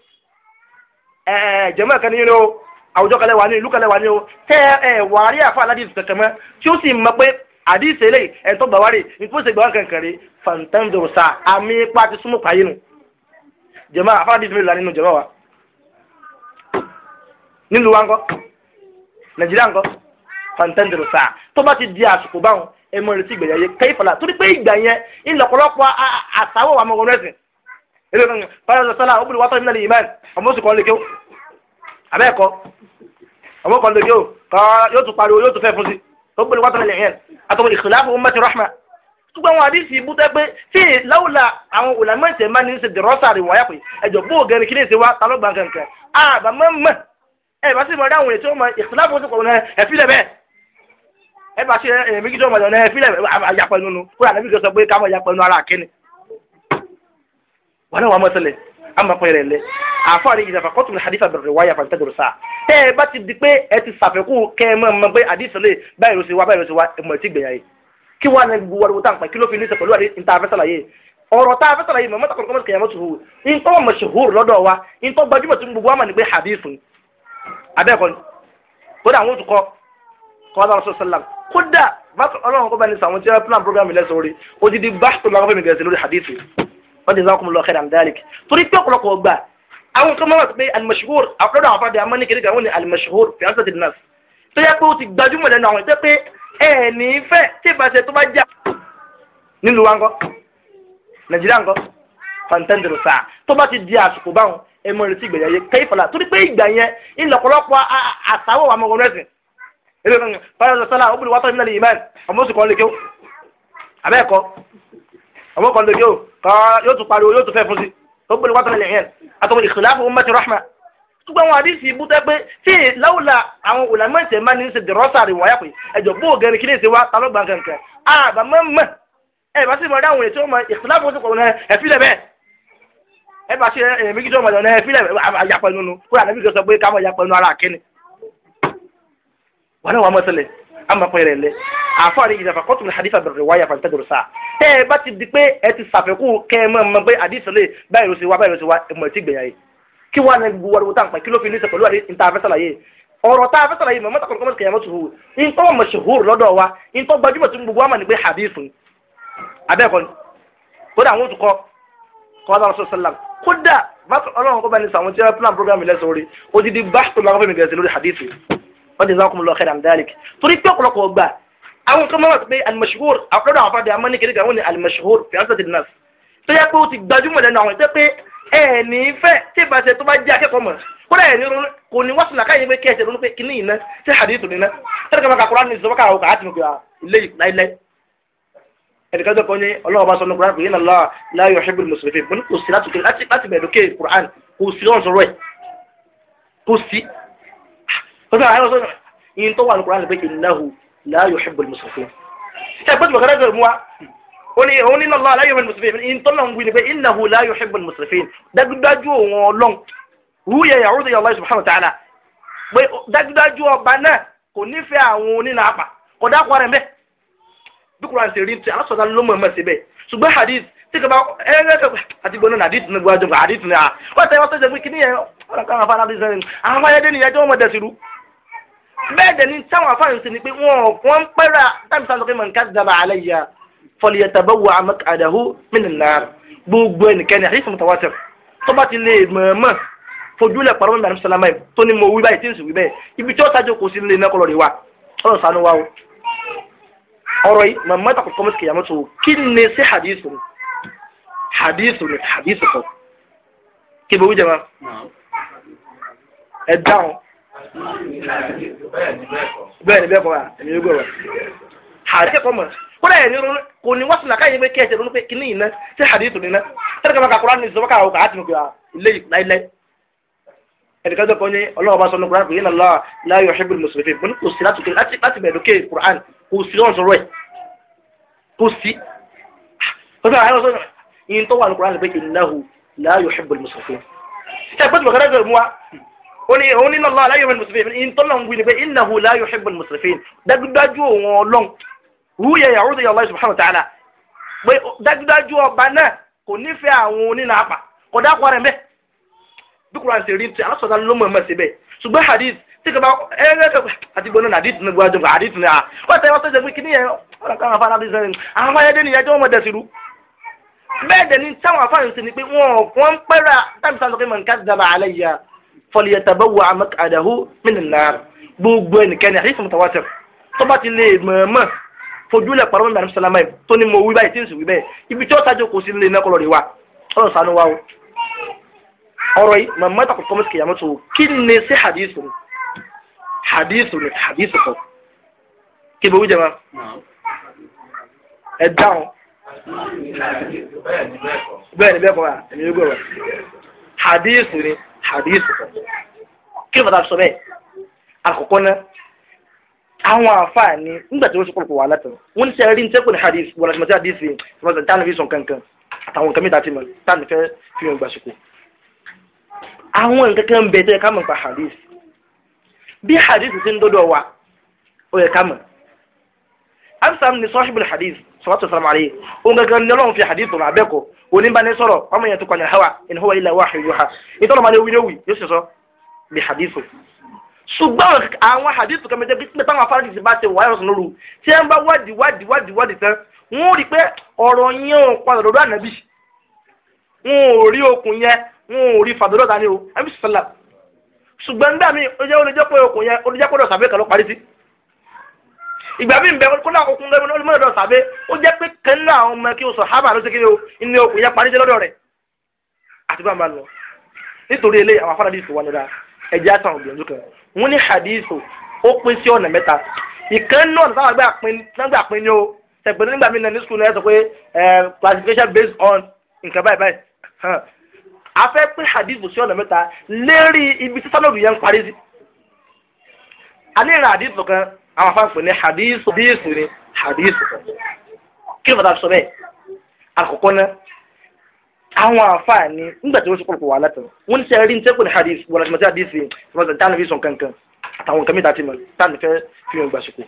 ẹ jẹmọ kan nínú o àwùjọ kan lẹwà ní ìlú kan lẹwà ní o tẹ ẹ wàárí àfa aládìsí kankan mọ tí ó sì mọ pé àdìsí eléyìí ẹtọ gbàwárì nítorí gbàwárì kankan rè fàǹtẹ́ńdòròsà àmì ipa ti súnmọ́ pààyè nù jẹmọ àfa aládìsí mélòó la nínú jẹmọ wa nílùú wa ńkọ́ nàìjíríà ńkọ́ fàǹtẹ́ńdòròsà tó bá ti di àsìkò báwọn ẹ mọ ìrètí ìgbà yẹn kẹ́ ìfọ̀lá torí pé ìgbà yẹn ńlọpọlọpọ àtàwọ̀ àmọ́ ọ̀rọ̀ ẹ̀sìn ilé kan fara lọ sọ́la ó bìrì wá tọ́jú náà lè yìí mẹ́rin ọmọ oṣù kan lè kéwò abẹ́ẹ̀kọ́ ọmọ kan lè kéwò yóò tún pariwo yóò tún fẹ́ fún sí ó bìrì wá tọ́jú náà lè yẹn àtọ̀wọ̀ ìkìláàfù ummati rahma gbogbo àwọn àdìsí ibú tẹ́ pé tí lọ́wọ́lá àwọn olàmọ́ ìṣẹ̀ máa ní ṣe dẹ̀rọ́sà rẹ̀ wáyà pé ẹjọ́ bó gẹ̀rẹ́ ẹ bá ṣe èyàn méjì tó mọ̀lẹ́ ọ̀nà ẹ fílẹ̀ àyàpẹ̀nu nu kó àná bíjọ sọ pé ká mọ̀ àyàpẹ̀nu ara kíni. wọn náà wà mọ́tẹ́lẹ̀ àmọ́ pé rẹ̀ lẹ àfọ̀rí ìjàpá kọ́tù ní hadith àbẹ̀rẹ̀ wáyà fàǹtẹ́dùrú sáà tẹ́ ẹ bá ti di pé ẹ ti ṣàfikún kẹ́ ẹ mọ̀ mọ̀ pé hadith lè báyìí ló ṣe wá báyìí ló ṣe wá ẹ̀mọ̀ ẹ̀ tí gbẹ̀yà yìí kí wàá ní gbogbo ariwo tá à ń pa kí ló fi ní sẹ pẹ̀lú àdé ìtàfẹ́sàlàyé ọ̀rọ̀ tá a fẹ́ sàlàyé mọ̀mọ́ta kọ̀ọ̀kan mọ̀tò kẹ̀yàmọ́tò hù kọ́ńtà rọ́ṣọ́ sálàm kódà ọlọ́run kó bá ní sàwọn tí wọ́n plan program lẹ́sọ̀ orí odidi báṣọ làwọn fẹ́mi gẹ̀ẹ́sì lórí hadith wọ́n ti sọ́kùn kúmù lọ kẹ́rẹ́ àǹdáríkì torí pé ọ̀pọ̀lọpọ̀ ọgbà àwọn kan máa wà pé alimashihur àkọ́dọ̀ àwọn afáde amọ́ ní kékeré àwọn ni alimashihur fi answer to the nurse tó yẹ pé ó ti gbajúmọ̀ lẹ́nu àwọn ìtẹ́ pé ẹ̀ ní fẹ́ tí ìbáṣẹ tó bá jà nílùú wa ńkọ́ nàìjíríà ńkọ́ fàǹtẹ́ndìrì sáà tó bá ti di àsìkò báwọn ẹ̀ mọ̀ retí ìgbẹ̀yà kẹ́ ìfọ̀lá torí pé ìgbà yẹn ìlọ̀pọ̀lọpọ̀ àtàwọ̀ àmọ̀wọ̀n rẹ̀sìn ilé ìfẹ́ fara lọ sọ́la obìnrin wàtọ́ ìmìnira ìmọ̀ ọmọ oṣù kan lè kéwò abẹ́ẹ̀kọ́ ọmọ kan lè kéwò yóò tún pariwo yóò tún fẹ́ fún sí obìnrin wàtọ́ ìmìnira ìyẹn àtọwọ́ ìkìláàfù ummati rahma gbogbo àwọn àdìsí ibú tẹ́ pé tí láwùlà àwọn ulama ìṣẹ̀ máa ní í ṣe dẹ̀rọ́sà rẹ̀ wáyà pé ẹ̀jọ̀ bó o gẹ̀rẹ̀ kí lè ṣe wá ta ló gbà kankan àbá mọ́ mọ́ ẹ̀ bá sì mọ dáhùn ètò ọmọ ìkìláàfù oṣù kan ẹ̀ fi lẹ̀ bẹ́ẹ̀ ẹ̀ bá ṣe ẹ̀mí kí tó ọmọ ìlànà ẹ̀ fi lẹ̀ àyàpẹ̀nu kó àdàbí kí ó sọ pé ká mọ̀ àyàpẹ̀nu ara kẹ́ni wàhálà wà mọ́tẹ́lẹ̀ amakọ yẹrẹ lẹ àfọwọ́n ni ìjàpá kọ́tùmù hadifa bẹ̀rẹ̀ wáyà fàǹtẹ́ dòrò sáà tẹ́ ẹ bá ti di pé ẹ ti sàfẹ́kù kẹ́ ẹ máa gbé àdìsọ́lẹ̀ báyìí ló ṣe wá báyìí ló ṣe wá ẹ̀mọ̀ ẹ̀tí gbẹ̀yà yìí kí wàá ní gbogbo ariwo táǹpà kí ló fi ní sọ pẹ̀lú àdé níta afẹ́ sàlàyé ọ̀rọ̀ tá a fẹ́ sàlàyé mọ̀mọ́ta kọ̀ọ̀kan mọ̀tò kẹ̀yàmọ́tò hù ntọ́ wọn mọ̀ṣẹ̀húr lọ́dọ̀ wa ntọ́ gbajúmọ̀ tó ń gbogbo wa mà program ilẹ̀ sọ̀rọ̀ odidi bá tó lọ́wọ́ fún mi wọ́n jazakumullahu khairan dhalik torí pé ọ̀pọ̀lọpọ̀ ọgbà àwọn kan máa pé al-mashhur àkọ́dọ̀ àwọn afáde amọ́ ní kékeré àwọn ni al-mashhur fi answer the nurse tó yẹ pé ó ti gbajúmọ̀ lẹ́nu àwọn ìtẹ́ pé ẹ ní fẹ́ tí ìbá ṣe tó bá jẹ́ akẹ́kọ̀ọ́ mọ̀ kódà ẹ̀ ní ronú kò ní wọ́n sùn náà káyọ̀ pé kí ẹ ṣe ronú pé kíní iná ṣé hadithu nínú tẹ́lẹ̀ kí wọ́n ka Kùránì ah, ní ọlọ́wọ́ sọ́dọ̀ àwọn sọ́dọ̀ yìí tó wà ní Kùránì pé innahu la yuhibbul musrifin títẹ̀ pé tùbọ̀kẹ́ rẹ̀ mú wa ó ní òun nínú ọlọ́ aláyọ̀ mẹ́rin musrifin yìí tó lọ́n wí ni pé innahu la yuhibbul musrifin dájúdájú òun ọlọ́n rúyẹ yàrá òde yàrá subhanahu wa ta'ala pé dájúdájú ọba náà kò nífẹ̀ẹ́ àwọn onínàápa kò dá kwara mẹ́ bí Kùránì ṣe rí ti alásọ̀dá ló mọ̀ mọ̀ síbẹ̀ ṣùgbọ́n bẹ́ẹ̀ dẹ̀ ni táwọn afáàyàn sì ni pé wọn ò wọ́n ń pẹ́ra tábìlì sáà sọ pé man kadhaba alayya falyatabawwa' maq'adahu minan nar gbogbo ẹnikẹ́ni àti ìfọ̀mùtàwátẹ̀ tó bá ti lè mọ̀ọ́mọ̀ fojú lẹ̀ pàrọ̀ mẹ́rin sàlámà yìí tó ní mo wí báyìí tí ń sì wí bẹ́ẹ̀ ibi tí ó sáájú kò sí nílé nẹ́kọ̀ọ́ rẹ̀ wá ọ̀rọ̀ sànú wa o ọ̀rọ̀ yìí màmá bẹ́ẹ̀ ni bẹ́ẹ̀ kọ́ wa èmi yóò gbé wa àdé kọ́ mọ̀ kódà yẹn ronú kò ní wọ́n sinaka yẹn pé kí ẹ ṣe ronú pé kí ni yìí ná ṣé hadith ni ná ṣé kí n bá ka kuran ní sọ ká àwọn àti nìkan ilé láíláí ẹnì kan tó kọ́ ní ọlọ́wọ́ bá sọ ní kuran pé yín lọ́wọ́ láyọ̀ ṣẹ́gun mùsùlùmí mo ní kò sí láti láti bẹ̀rẹ̀ lókè kuran kò sí lọ́wọ́ sọ̀rọ̀ ẹ̀ kò sí. ọjọ́ àyẹ̀wò sọ̀rọ̀ yìí tó wà ní kuran pé oni òun nínú ọlọ́run aláyọ̀ mẹ́rin mùsùlùmí in tọ́lọ̀ ń wí ni pé innahu la yuhibbu al-musrifin dájúdájú òun ọlọ́run wúyẹ̀ yàrá yàrá Allah subhanahu wa ta'ala pé dájúdájú ọba náà kò nífẹ̀ẹ́ àwọn onínàápa kò dákọ̀ rẹ̀ mẹ́ dúkùrọ̀ àti rí ti alásọ̀tà ló mọ̀ ẹ̀ mẹ́sẹ̀ bẹ́ẹ̀ ṣùgbọ́n hadith tí kò bá ẹ̀rẹ́ kẹ́kẹ́ àti gbọ́n náà hadith ní gbọ́dọ̀ hadith ní a wọ́n tẹ́ wọ́n tẹ́ sẹ́kùn kìíní yẹn wọ́n kàn án sẹ́yìn àwọn ayẹ́dẹ́ nìyẹn tí wọ́n mọ̀ dẹ̀sìrú bẹ́ẹ̀ dẹ̀ ni táwọn afáàyàn sì ni pé wọ́n wọ́n pẹ́rẹ́ lọ́kẹ́ mọ̀ nǹkan dábàá alẹ́ yìí فليتبوع مقعده من النار gbogbo ẹnikẹ́ni àti ìfọ̀mù tàwátẹ̀ tó bá ti lè mọ̀ọ́mọ̀ fojúlẹ̀ pàrọ̀ mẹ́rin sàlámà yìí tó ní mo wí báyìí tí n sì wí bẹ́ẹ̀ ibi tí ó sáájú kò sí lè ná kọlọ̀ rẹ̀ wá ọ̀rọ̀ sànú wa o ọ̀rọ̀ yìí màmá tàkù kọ́mọ́sì kìyàmó tó o kí ni sí hadithu ni hadithu ni hadithu kọ kí ibo wíjẹ ma ẹ dáhùn bẹ́ẹ̀ ni bẹ́ẹ̀ kọ́ wa ẹ̀mí yóò gbọ́ wa hadithu ni hadith kan kí ló bá ta sọ bẹ́ẹ̀ àkọ́kọ́ náà àwọn àǹfààní nígbà tí wọ́n sọ́kọ̀ kọ̀ wà látàn wọ́n ṣe rí nítorí ní hadith wọ́n lọ́sọ̀mọ́tì hadith yìí wọ́n tán fi sùn kankan àtàwọn nǹkan mìíràn ti mọ̀ tán fẹ́ fi hàn gbàsíkò àwọn nǹkan kan bẹ̀ tó yẹ ká mọ̀ nípa hadith bí hadith ti ń dọ́dọ̀ wa ó yẹ ká mọ̀ amsam ni sahibul hadith sallallahu alaihi òun kankan ni ọlọ́run fi hadith tó máa bẹ́ẹ̀ kọ́ oníbánisọ̀rọ̀ ọmọ yẹn tó kọ́ ní hawa in huwa illa wahyu yuha ìtọ́nà máa ní wílé wì yóò sì sọ bí hadithu. ṣùgbọ́n àwọn hadithu kan mẹ́tẹ́ pé táwọn afárá ti bá ṣe wàá yọ̀sán lóru tí ẹ ń bá wádìí wádìí wádìí wádìí tán wọ́n rí pé ọ̀rọ̀ yẹn ò padà lọ́dọ̀ ànábì wọn ò rí okùn yẹn wọn ò rí fàdọ́dọ̀ dání o àbí sọ̀lá ṣùgbọ́n nígbà míì ó jẹ́ ó lè jẹ́ pé okùn yẹn ó lè jẹ́ pé ọ̀dọ̀ sàbẹ̀ kan ló parí ìgbà mi bẹ kó lákòókò ń lọ mọ lọ́dọ̀ sàbẹ ó jẹ́ pé kẹńdà àwọn ọmọ kí o sọ hábà ló ṣe kí ni o ní okùn yẹn parí jẹ lọ́dọ̀ rẹ̀ àti bá ń bá lọ nítorí eléyìí àwọn afárá dìísù wà lọ́dà ẹ̀jẹ̀ àtàwọn òbíọ̀dù kan wọ́n ní hadísù ó pín sí ọ̀nà mẹ́ta ìkan náà táwọn àgbà pín ní o tẹ̀gbẹ́ nígbà mi náà ní sùkúl náà sọ pé classification based on nǹkan báyìí báyìí a fẹ́ pín hadísù sí ọ̀nà mẹ́ta lérí ibi tí sálọ̀dù yẹn ń parí sí. a ní ìrìn hadísù kan àwọn afáàpẹ ní hadith hadith ni hadith kí ló bàtà sọ bẹ́ẹ̀ àkọ́kọ́ náà àwọn àǹfààní nígbà tí wọ́n sọ pọ̀lọpọ̀ wà látàn wọ́n ní sẹ́ rí ní sẹ́kùn ní hadith wọ́n lọ́sọ̀mọ́ tí hadith yẹn sọ́mọ́ tí a fi sọ kankan àtàwọn nǹkan mìíràn ti mọ̀ tá a nìfẹ́ fi hàn gbàsùkò.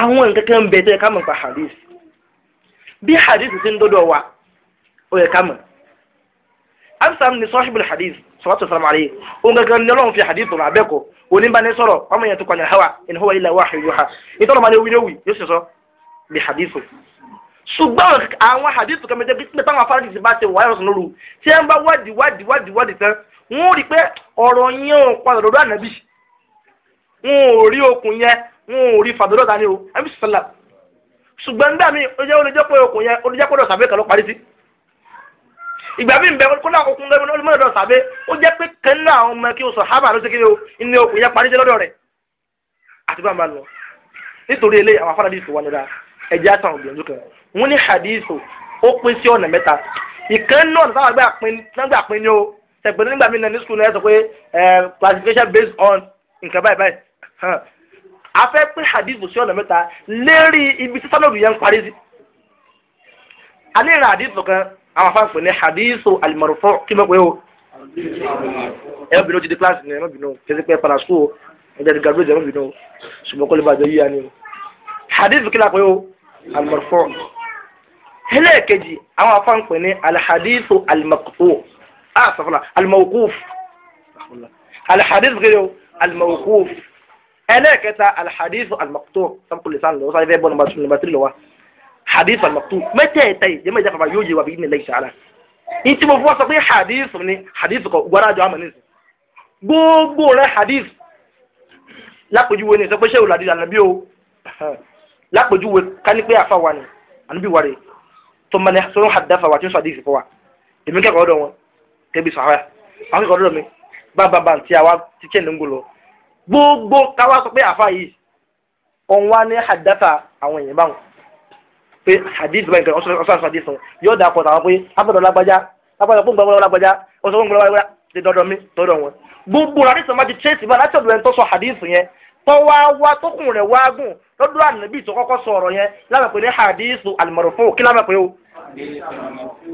àwọn nǹkan kan bẹ̀ tó yẹ ká mọ̀ nípa hadith bí hadith ti ń dọ́dọ̀ wa ó yẹ ká mọ̀. amsam ni sahibul hadith sọ́wọ́tò sàlámù àlẹ́ òun kankan ní ọlọ́run fi hadith rà abẹ́kọ̀ọ́ oníbànisọ̀rọ̀ ọmọ yẹn tó kọ́ ní hawa in huwa illa wahyu yuha nítorí ọmọdé wí lówì yóò sì sọ bí hadithu. ṣùgbọ́n àwọn hadithu kan mẹ́tẹ́ pé táwọn afárádì ti bá ṣe wàá yọ̀sán lóru tí wọ́n bá wádìí wádìí wádìí wádìí tán wọ́n rí pé ọ̀rọ̀ yẹn ò padà lọ́dọ̀ ànábì wọn ò rí okùn yẹn wọn ò rí fàdọ́dọ̀ dání o àbí sọ̀lá ṣùgbọ́n nígbà míì ó jẹ́ ó lè jẹ́ pé okùn yẹn ó lè jẹ́ pé ọ̀dọ̀ sàbẹ̀ kan ló parí sí ìgbà mi bẹ kó náà kókun lọ́wọ́ lọ́wọ́ lọ́dọ̀ sàbẹ̀ ó jẹ́ pé kan náà àwọn ọmọ kí o sọ hábà ló ṣe kí o inú okùn yẹn parí sí lọ́dọ̀ rẹ̀ àti bá ń bá lọ nítorí eléyìí àwọn afárá bíi fòwọ́n dára ẹ̀jẹ̀ àtàwọn ògbìyànjú kan wọ́n ní hadithu ó pín sí ọ̀nà mẹ́ta ìkan náà táwọn àgbà pín classification based on nǹkan báyìí báyìí a fẹ́ pín hadithu sí ọ̀nà mẹ́ta lérí ibi tí sanadu yẹn ń àwọn afáàpẹ ní hadithu alimarufu kí mọ̀ pé o ẹ bínú ti di kíláàsì ní ẹ bínú kẹsí pé padà sùn o ẹ jẹ́ ti gàdúrà ẹ bínú ṣùgbọ́n kọ́lé bàjẹ́ yíya ni o hadithu kí la pé o alimarufu ẹlẹ́ẹ̀kejì àwọn afáàpẹ ní alihadithu alimakutu ah sọfúnla alimawukuf alihadithu kí ni o alimawukuf ẹlẹ́ẹ̀kẹta alihadithu alimakutu sábà kò lè hadith al-maktub mẹ́tẹ̀ẹ̀ta yìí jẹ́mọ̀ ìjáfàfà yóò yé wa bí nílẹ̀ ìṣàlá ní tí mo fọwọ́ sọ pé hadith ni hadith kọ gbọ́dọ̀ àjọ àmọ́ nísìn gbogbo rẹ̀ hadith lápèjúwe ní sọ pé sẹ́wọ̀n làdí ànábì o lápèjúwe kání pé àfa wa ni ànábì wa rè tó mọ ní sọ́nù hadafa wa tí ń sọ hadith fọ wa èmi kẹ́kọ̀ọ́ dọ̀ wọn kẹ́bi sọ̀hárà àwọn kẹ́kọ̀ọ́ dọ̀ mi bábàbà tí àwa ti kẹ́ gbogbo káwa sọ pé àfa yìí ọ̀n wa ní hadafa àwọn èèyàn báwọn pé hadith báyìí kan ọ̀sán ọ̀sán hadith wọn yóò dà pọ̀ tàwọn pé abọ́dọ̀ lágbájá abọ́dọ̀ fún gbọ́ngbọ́n lágbájá ọ̀sán fún gbọ́ngbọ́n lágbájá ti dọ́dọ̀ mi dọ́dọ̀ wọn. gbogbo hadith wọn bá ti trace bá láti ọ̀dọ̀ ẹni tó sọ hadith yẹn tó wá wá tó kùn rẹ̀ wá gùn lọ́dọ̀ ànábì tó kọ́kọ́ sọ ọ̀rọ̀ yẹn lábẹ́ pé ní hadith al-marfu' kí lábẹ́ pé o.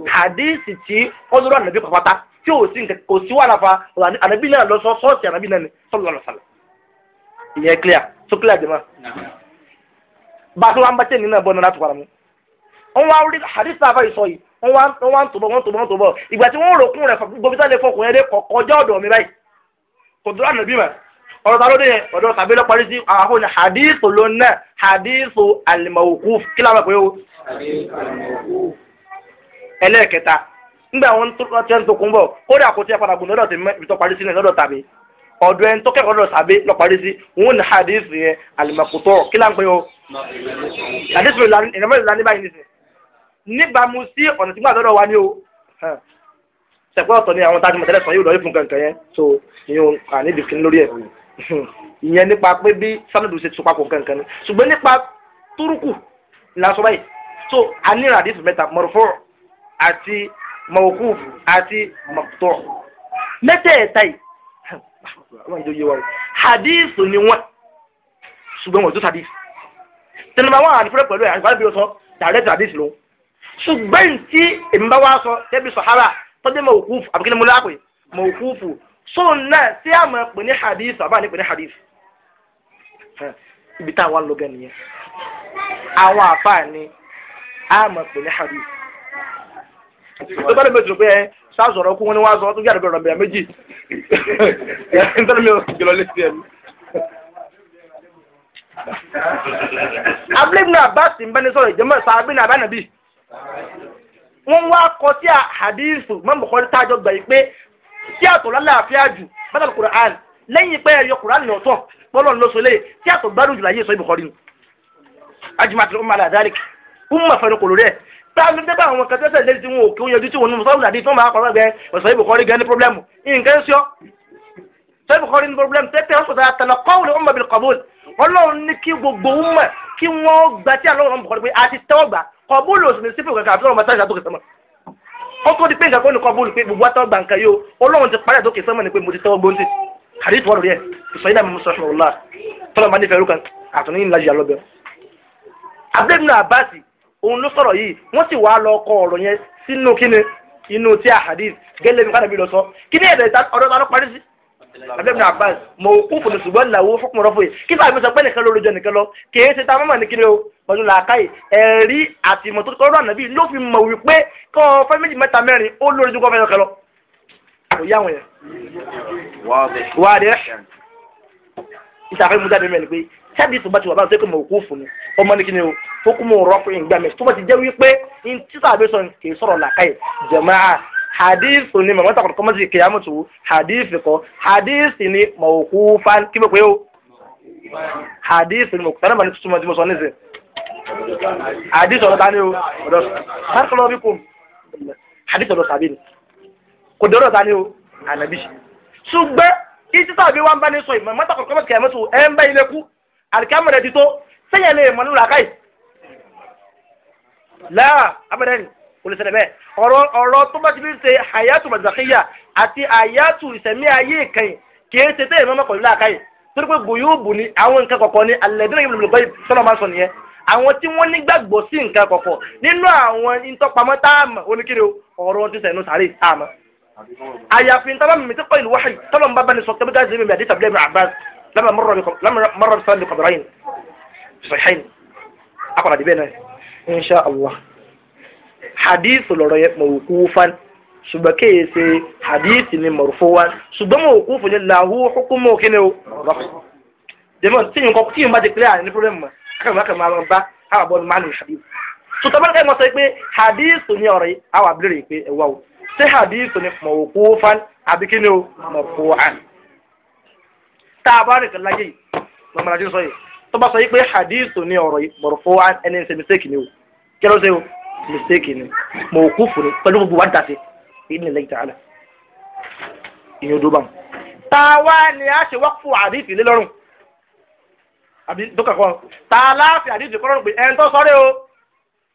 hadith tí ọ̀dọ̀ ànábì pàpàtà tí ò sí kò sí wàhálà fa ànábì náà lọ sọ sọ́ọ̀sì ànábì náà ni sallallahu alaihi wasallam. ìyẹn clear so clear jẹ́ mọ́. bá a tó wá ń bá tẹ̀yìn náà bọ́ náà láti wàrà mu wọ́n wá rí hadith náà fẹ́ sọ yìí wọ́n wá wọ́n wá ń tòbọ̀ wọ́n tòbọ̀ wọ́n tòbọ̀ ìgbà tí wọ́n ròkun rẹ̀ gbọ́bítà lè fọkùn yẹn dé kọjá ọ̀dọ̀ mi báyìí kò dúró àná bí mà ọ̀rọ̀ ta ló dé yẹn ọ̀dọ̀ tàbí lọ́ parí sí àwọn hadith ló ń náà hadith al-mawquf kí láwọn pé o. ẹlẹ́ẹ̀kẹta nígbà wọn ti ń tokun bọ̀ kódà kò tí a padà gùn lọ́dọ̀ tèmi ibi tó parí sí lọ́dọ̀ tàbí ọ̀dọ̀ ẹni tó kẹ́kọ̀ọ́ lọ́dọ̀ tàbí lọ́ parí sí wọn ní hadith yẹn al-maqtu' kí láwọn pé o. hadith mi ìlànà ìlànà báyìí nìsín níbàámu sí ọ̀nà tí gbàdọ́dọ̀ wa ni o ṣẹ̀pẹ́ ọ̀tọ̀ ni àwọn tájú mọ̀tẹ́lẹ̀ sọ yóò lọ ìfún kankan yẹn so ìyẹn à níbi kí n lórí ẹ̀ ìyẹn nípa pé bí sanadu ṣe tún papọ̀ kankan ni ṣùgbọ́n nípa túrúkù la báyìí so a ní ràdífù mẹ́ta mọ̀rọ̀fọ́ àti mọ̀wòkúfù àti mọ̀tọ́ mẹ́tẹ̀ẹ̀ta yìí wọ́n jẹ́ oyè wa hadith ni wọ́n ṣùgbọ́n wọ́n tó hadith tẹnumọ́ àwọn àdìfẹ́rẹ́ pẹ̀lú ẹ̀ àgbàdo sọ dàrẹ́tì hadith ṣùgbọ́n tí èmi bá wá sọ tẹ́bi sọ̀hárà tọ́jú mọ̀kúfù ni mo lápè mọ̀kúfù sóun náà sí àmọ́ pè ní hadith àbá ní pè ní hadith ibi tá a wá lọ́gẹ́ nìyẹn àwọn àfáà ni àmọ́ pè ní hadith tó bá dé méjì pé ẹ sáàsọ̀rọ̀ kú wọn ni wọ́n sọ tó yàrá bẹ̀rẹ̀ bẹ̀rẹ̀ méjì yàtí nítorí mi ò jùlọ létí ẹ̀ mi. abúlé mi náà bá sì ń bẹ́ni sọ̀rọ̀ ìjẹ́mọ̀ sábẹ́ náà bá nàbí wọ́n wá kọ sí àdìsù mọ́mú kọ́ tájọ gbà yìí pé tí àtọ̀ lálàáfíà jù bàtà kùrán lẹ́yìn pé ẹ̀yọ kùrán ní ọ̀tọ̀ bọ́lọ̀ ló sọ lé tí àtọ̀ gbádùn jù láyé sọ ibùkọ́ rí nu. ajumatu umma aladalik umma fẹnu kò lórí ẹ táwọn tẹ́tẹ́ àwọn kan tẹ́tẹ́ lé tí wọn ò kí wọn yọjú tí wọn nù sọ́wọ́n àdìsù máa kọ́ lọ́gbẹ́ ọ̀sọ̀ ibùkọ́ rí gan ní pọ́blẹ́mù nǹkan ń sọ sọ́yìn bukọ́rí ní problem tẹ́tẹ́ wọ́n sọ̀tà àtàlàkọ́wò ní ọmọ bìlì kọ́bùl ọlọ́run ní kí gbogbo ọmọ kí wọ́n gbà tí àlọ́ ọmọ bukọ́rí pé a ti tẹ́wọ́ gbà kọ̀bùlù òsì ní sífù kankan àbí ọ̀rọ̀ mọ́tàlá tó kè sọ́mọ́ ó tó di pé nǹkan kó ní kọ̀bùlù pé gbogbo àtọ́ gbàǹkà yìí o ọlọ́run ti parí àtòkè sọ́mọ́ ni pé mo ti tẹ́wọ́ gbóńtì àdé ìtọ́wọ́ lórí ẹ̀ ìsọ̀yìn náà mo sọ fún ọ̀la tọ́lọ́ máa nífẹ̀ẹ́ rúkan àtúnyí ńlá yà lọ́bẹ̀. abdul ibn abbas òun ló sọ̀rọ̀ yìí wọ́n sì wá lọ kọ ọ̀rọ̀ yẹn sínú kíni inú tí a hadith gẹ́lẹ́ kánàbí lọ sọ kíni ẹ̀rẹ̀ ọ̀rọ̀ ló parí sí abdulhamid abbas mo kúfù ní ṣùgbọ́n làwọn fúnkùn rọ́fù yìí kí sáà mi sọ pé nìkan ló lójó nìkan lọ kìí ṣe ta mọ́mọ́ ní kíni o pẹ̀lú làákàyè ẹ̀rí àti ìmọ̀ tó kọ́ lọ́nà bíi ló fi mọ̀ wípé kọ́ fẹ́ méjì mẹ́ta mẹ́rin ó lórí ju kọ́ fẹ́ yọkẹ́ lọ. kò yá àwọn yẹn. wà á dẹ́ ìṣàfihàn mújáde mẹ́rin pé sábì tó bá ti wà báyìí tó kọ́ mọ̀ kúfù ọmọ ní kíni o fókùn hadith ni màmá tàkùn kọ́mọ́ sí kìyàmù tù hadith kọ́ hadith ni mawqufan kí mo pé o hadith ni mawqufan náà mà ní tuntun mọ́ tí mo sọ nísìn hadith ọ̀rọ̀ tani o ọ̀dọ̀ sàkàlọ́ bí kò hadith ọ̀rọ̀ sàbí ni kò dọ̀rọ̀ tani o ànàbí ṣùgbọ́n ìtí sàbí wa ń bá ní sọ ìmọ̀ màmá tàkùn kọ́mọ́ sí kìyàmù tù ẹ̀ ń bá ilé kú àlìkámẹ̀rẹ̀ ti tó sẹ́yìn lè mọ̀ nínú làákàyè láà abẹ́rẹ́ ni kò lè ṣẹlẹ̀ bẹ́ẹ̀ ọ̀rọ̀ ọ̀rọ̀ tó bá ti fi ṣe hayatu mazakiya àti hayatu ìsẹ̀mí ayé ìkẹyìn kì í ṣe tẹ́yìn mọ́mọ́ pẹ̀lú làákàyè torí pé gbòyóòbù ni àwọn nǹkan kọ̀ọ̀kan ni alẹ́dínlẹ́ yìí lọ́gbọ́ sọ́nà máa sọ nìyẹn àwọn tí wọ́n nígbàgbọ́ sí nǹkan kọ̀ọ̀kan nínú àwọn ìtọ́pamọ́ táàmù oníkiri ọ̀rọ̀ ti sẹ̀nu sàárè táàmù. àyàfi ntọ́lá mi ti kọ́ ìlú wáhì tọ́lọ́ ń bá bani sọ tẹ́bí gáàsì mi àdìsá bílẹ̀ mi Abbas lámà mọ́rọ̀ mi sọ́ọ́ hadith lọ́rọ̀ yẹn mawqufan ṣùgbọ́n se ṣe hadith ni marfuwan ṣùgbọ́n mawqufun ni lahu hukumu kíni o dèmọ̀ tíyìn kọ́ tíyìn bá ti pílẹ̀ àní problem mọ̀ akẹ́kọ̀ọ́ akẹ́kọ̀ọ́ máa bá àwọn abọ́ ni máa ní hadith sọtọ́ bá kẹ́kọ̀ọ́ sọ pé hadith ni ọ̀rọ̀ yìí àwọn abúlé pé ẹ̀wá o ṣé hadith ni mawqufan àbí kíni o marfuwan tá a bá rìn kan láyé yìí lọ́mọdé sọ yìí tó bá sọ yìí pé hadith ni ọ̀rọ̀ yìí marfuwan ẹni ṣe mistake o kí ló o mistake ni mọ̀ọ́kúfù ni pẹ̀lú gbogbo wa ń tàṣe èyí ni lẹ́yìn tààlà ìyẹn odó bá wọn. táwa ni a ṣe wákùfù àdìsí lé lọ́rùn àbí dókà kan tààlà fi àdìsí kọ́ lọ́rùn pé ẹ̀ ń tọ́ sọ́rí o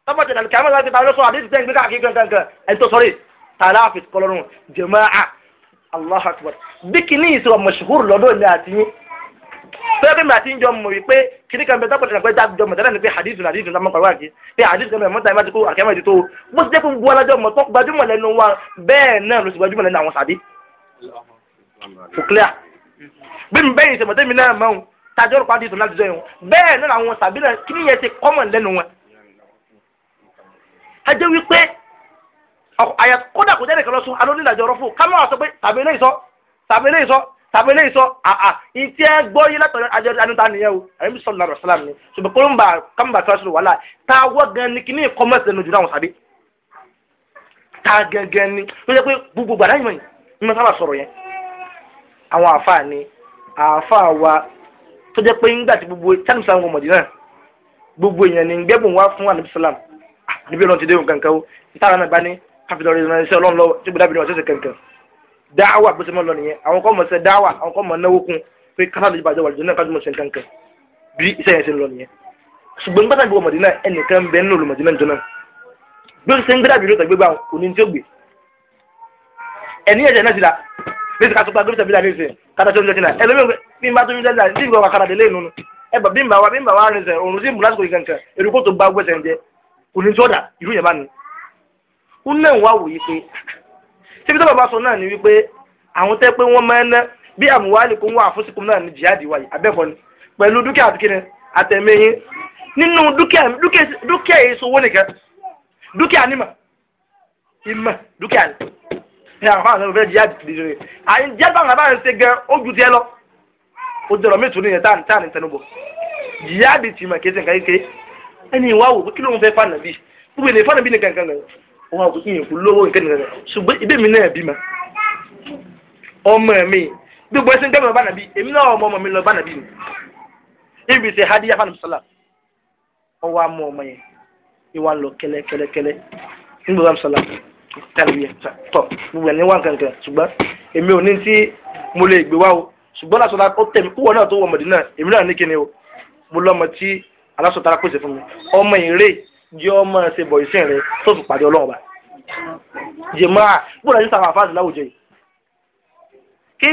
tọ́pọ̀ tẹ̀lé kí a máa ń ta ló sọ àdìsí tẹ́ ń gbé káàkiri kankan ẹ̀ ń tọ́ sọ́rí tààlà fi kọ́ lọ́rùn jàmáà Allahu akbar bí kìíní ìṣòro mọ̀ṣúhùrù lọ́dọ̀ ni àti tọ́yọ́ pé mi àti ń jọ mọ̀ wípé kìnìún kan bẹ tọ́pọ̀ tẹ̀lé pé jọ mọ̀ tẹ́lẹ̀ ni pé hadith la hadith la mọ̀ kọ̀wé àkí pé hadith kan bẹ mọ̀ta ìmọ̀ ti kó àkẹ́mọ̀ ìdí tó bó ti jẹ́ fún bu alájọ mọ̀ tó gbajúmọ̀ lẹ́nu wa bẹ́ẹ̀ náà ló sì gbajúmọ̀ lẹ́nu àwọn sàbí. kò clear bí mi bẹ́yìn ìṣẹ̀mọ̀ tẹ́mi náà mọ̀ tájọ́ rò pàdé ìtòlá àtijọ́ yẹn bẹ́ẹ̀ náà àwọn sàbí náà kí nìyẹn ti kọ́mọ̀ tàbí eléyìí sọ àà ìtí ẹ gbọ́ yé látọ̀yọ́ ajẹ́rú anúta nìyẹn o àyẹ̀mí sọ̀rọ̀ lọ́rọ̀ sọ́lá mi ṣùgbọ́n kó ń bà kámbà tí wọ́n ṣe wàhálà tá a wọ́ gan ni kí ní kọ́mẹ́sì lẹ́nu jùlọ àwọn sàbí tá gẹ́gẹ́ ni ló yẹ pé gbogbo gbàdá yìí ni wọ́n sábà sọ̀rọ̀ yẹn. àwọn àáfàá ni àáfàá wa tó jẹ́ pé ńgbà tí gbogbo tánìm sàlámù ọmọdé náà gbogbo èèyàn ni gbẹ́bùn wá fún àníbi sàlámù ah, níbi ọlọ́run ti dé dáwà bó ṣe máa lọ nìyẹn àwọn kan mọ̀ ṣe dáwà àwọn kan mọ̀ náwó kun pé kásá lè bàjẹ́ wàlùjọ náà kájúmọ̀ ṣe nǹkan kan bí iṣẹ́ yẹn ṣe ń lọ nìyẹn ṣùgbọ́n nígbà tàbí ọmọdé náà ẹnìkan ń bẹ nínú olùmọ̀dé náà jọ náà bí ó ṣe ń gbéra bìrì tàgbé bá òní tí ó gbé ẹni ẹ̀jẹ̀ náà ti la bí ti ká sọpá gómìnà bílà nísìn kátà tó ń jẹ́ náà ẹlòmíràn bí n ń wá wòye pé síbi tó bàbá sọ náà ni wípé àwọn tẹ́ pé wọ́n máa ń ná bí àmúwálì kún wà fún síkùn náà ní jihadi wáyé abẹ́kọ̀ ni pẹ̀lú dúkìá àti kíni àtẹ̀mẹ́yìn nínú dúkìá dúkìá yìí sọ owó nìkan dúkìá nímọ̀ ìmọ̀ dúkìá ni ẹ àwọn àwọn ọ̀fẹ́ jihadi ti di rẹ̀ àyìn jihadi àwọn àbáyọ̀ ṣe gan ó ju tiẹ̀ lọ ó dọ̀rọ̀ mí tún yẹn tá à ní tẹnubọ̀ jihadi ti mọ̀ kéésì nǹkan kékeré ẹni ìwà wò kí ló ń fẹ́ fànàbí gbogbo ènìyàn fànàbí nìkan kan kan wọn kò yìnyín kú lówó nǹkan nìkan ṣùgbọ́n ibi mi náà bímọ ọmọ mi gbogbo ẹsẹ̀ nǹkan mi lọ bá nàbí èmi náà ọmọ ọmọ mi lọ bá nàbí mi ibi ṣe hadiya fanamu sọlá ọwọ́ amú ọmọ yẹn ìwà lọ kẹ́lẹ́kẹ́lẹ́kẹ́lẹ́ nígbà fanamu sọlá tàbí tọ gbogbo ẹni wà nǹkan nǹkan ṣùgbọ́n èmi ò ní tí mo lè gbé wá o ṣùgbọ́n láti ọ̀la ó tẹ̀mí kúwọ́ náà tó wọ ọmọdé náà èmi náà ní kíni o mo lọ́mọ tí alásọ̀tara pèsè fún mi ọmọ ìrè jẹ́ ọmọ ṣe bọ̀ ìsìn rẹ tó fi pàdé ọlọ́run bá jẹ̀máà gbọ́dọ̀ yìí sàfà fáàdì láwùjọ yìí kí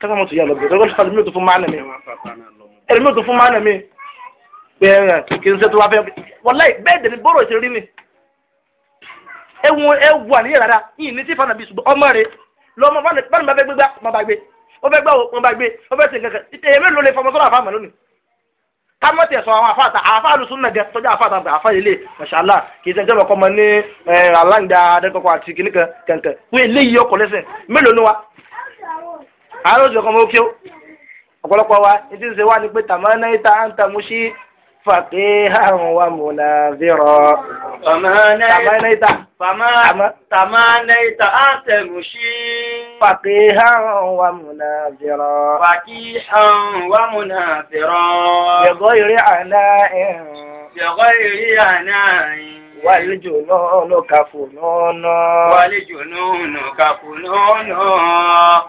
kásá mọ́tò yà lọ́bẹ̀ lọ́gọ́dọ̀ fáàdì mílò tó fún máàna mi ẹ̀rọ mílò tó fún máàna mi bẹ́ẹ̀ kì í ṣe tó wá fẹ́ wọláì bẹ́ẹ̀ dẹ̀ ni bọ́rọ̀ ṣe rí ni ewu ewu àníyàn rárá yìí ní tí fana bí ṣùgbọ́n ọmọ rẹ lọ́mọ fáàdì bá gbé gbé gbá ọmọ bá gbé ó fẹ́ gbá ọmọ bá gbé ó fẹ́ sìn kankan ìtẹ̀yẹ mélòó lè fọmọ sọ́dọ̀ àfàmà lónìí ká mọ̀ tẹ̀sán àwọn àfáàtà àfáàlù súnà gẹ̀ tọ́jú àfáàtà àgbà àfáà ilé mọ̀ṣálà kì í sẹ́jọ́ lọ́kọ́ mọ ní aláǹda adẹ́kọ̀kọ̀ àti kìnnì kan kẹ̀kẹ́ wọ́n eléyìí ọkọ̀ lẹ́sẹ̀ mélòó ni wa àwọn oṣù kan mọ́ kí ọ̀pọ̀lọpọ̀ wa ní ti ń ṣe wá pé tàmánà فقيها ومناذرا تمنيت تمنيت أن تمشي فقيها ومناذرا فقيها ومناذرا بغير عناء بغير عناء والجنون كفنون والجنون كفنون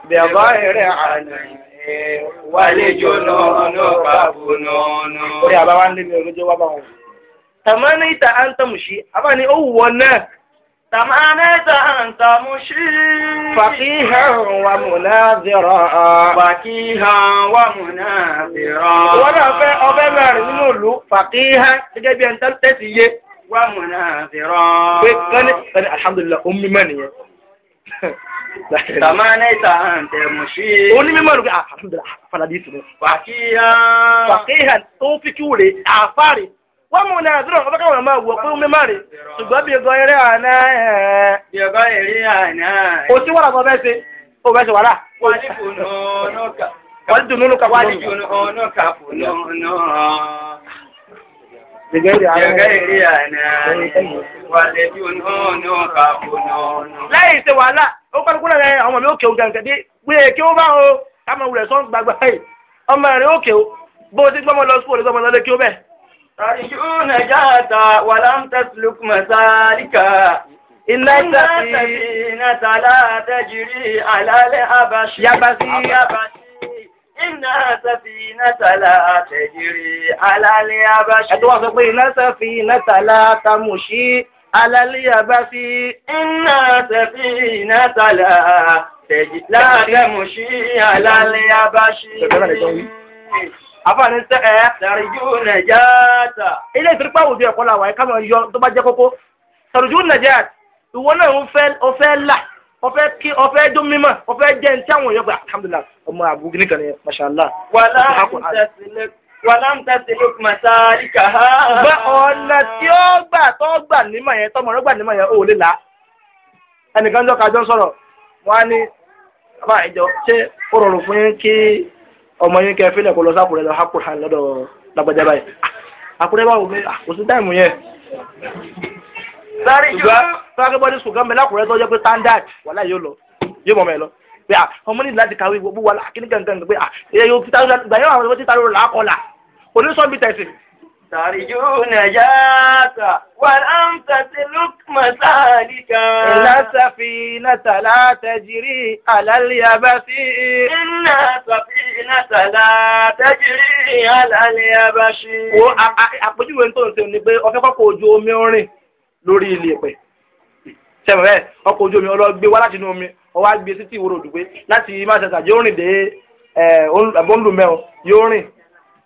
بغير عناء wálé jọ náà náà bá bò náà náà. ó yà bá wá ń lé mi olójó wá bá wọn. tàmánà ìta à ń tàmù sí abáni ó wù ọ náà. tàmánà ìta à ń tàmù sí. faqihan wa munazira. faqihan wa munazira. wọ́n náà fẹ́ ọbẹ̀ mẹ́rin nínú ìlú faqihan gẹ́gẹ́ bí ẹni tẹ́tí yé. wa munazira. pé kánì kánì alhamdulilayi ó mímọ́ nìyẹn tàmánà ìta àǹtẹ mùsí. ó ní mímọ́ ìrùkẹ́ ah, alhamdulilayi afaladi ah, ìtùnú. fàkíyàn. fàkíyàn tó fi kí wùrẹ́ àfáàrẹ̀ wọ́n mú ní àdúrà ọba káwọn máa wọ̀ pé mímọ́ rẹ̀ ṣùgbọ́n bí ẹ̀gọ́ eré àná ẹ̀. bí ẹ̀gọ́ eré àná ẹ̀. o ti wàrà kan bẹ́ẹ̀ ṣe o bẹ́ẹ̀ ṣe wàrà. wọ́n ti fòun náà wọ́n dùn nínú kàfún náà. Lẹ́yìn ṣe wàhálà ó pẹ́ kúrẹ́ rẹ àwọn mi ó kéwù gàǹkà dé wí ẹ̀ kí ó bá o káma wulẹ̀ sọ́n gbàgbà ẹ̀ ọmọ rẹ ó kéwù bó o ti gbọ́mọ lọ sukùl gbọ́mọ lọ lé kí ó bẹ̀. àrùn nàjàtà wàlámtàsílùkù màsálíkà iná tàbí tàlá tẹ́jìrí àlálẹ́ àbáṣí yabasi iná tàbí tàlá tẹ́jìrí àlálẹ́ àbáṣí. ẹ tó wá sọ pé iná tàbí tàlá tàmùṣí alálẹ́yàbáfi iná tẹ̀fí iná tàlà tẹ̀jì láàrẹ̀ mùsí alálẹ́yàbáṣí. àfààní tẹ ẹ tàríjú nàìjíríà. ilé ìtìrípà àwùjọ ẹ̀kọ́ la wà ẹ̀ ká máa yọ tó bá jẹ́ kókó tàríjú nàìjíríà ìwọ náà ó fẹ́ là ó fẹ́ kí ó fẹ́ dún mímọ́ ó fẹ́ jẹ́ ní tí àwọn èèyàn gba alhamdulilayi ọmọ àbúgbìn kan ní mashallah. wàhálà ìtẹ̀sílẹ̀ Wàlámù tẹ̀sí lókùnmọ̀ sáríkà ha. Bá ọ̀nà tí ó gbà tó gbà nímọ̀ yẹn tọmọ rẹ gbà nímọ̀ yẹn ò lè là. Ẹnìkan jọ kájọ sọ̀rọ̀, wọ́n á ní bàbá ìjọ ṣé ó rọrùn fún yín kí ọmọ yín kẹ́ fílẹ̀ kó lọ sákùrẹ́ lọ hákùrẹ́ lọ́dọ̀ lágbàjá báyìí. Àkúrẹ́ báwo ni ah, kò sí táìmù yẹn. Ṣùgbọ́n fákébọ́dé sùn gan bẹ lákùrẹ́ tó jẹ́ pé standard wàhálà yóò lọ yóò mọ̀ mẹ́ lọ pé ah, ọmọ nílùú láti kàwé gbogbo wa kíní gangan pé ẹ ah, yóò fi tá gbàyẹ̀wò onísọ́bí tẹ̀sí. Tàríjú nàjàtà wàl amsati lukma sáàlìkà. Ìlàsàfì nàtàlá tẹ̀jìrì àlàlíyàbásí. Ìlàsàfì nàtàlá tẹ̀jìrì àlàlíyàbásí. Wo àpèjúwe tó ń sèwọ̀n ni pé ọ̀fẹ́ kọ́kọ́ ojú omi ń rìn lórí ilé ìpẹ́ sẹ́wọ̀n bẹ́ẹ̀ ọkọ̀ ojú omi ọlọ́gbé wá láti inú omi ọwọ́ á gbé títí ìwòrò òdùgbé láti má ṣe ṣàjẹ́ ó rìn dé ẹ̀ bọ́ńdù mẹ́wọ̀n yóò rìn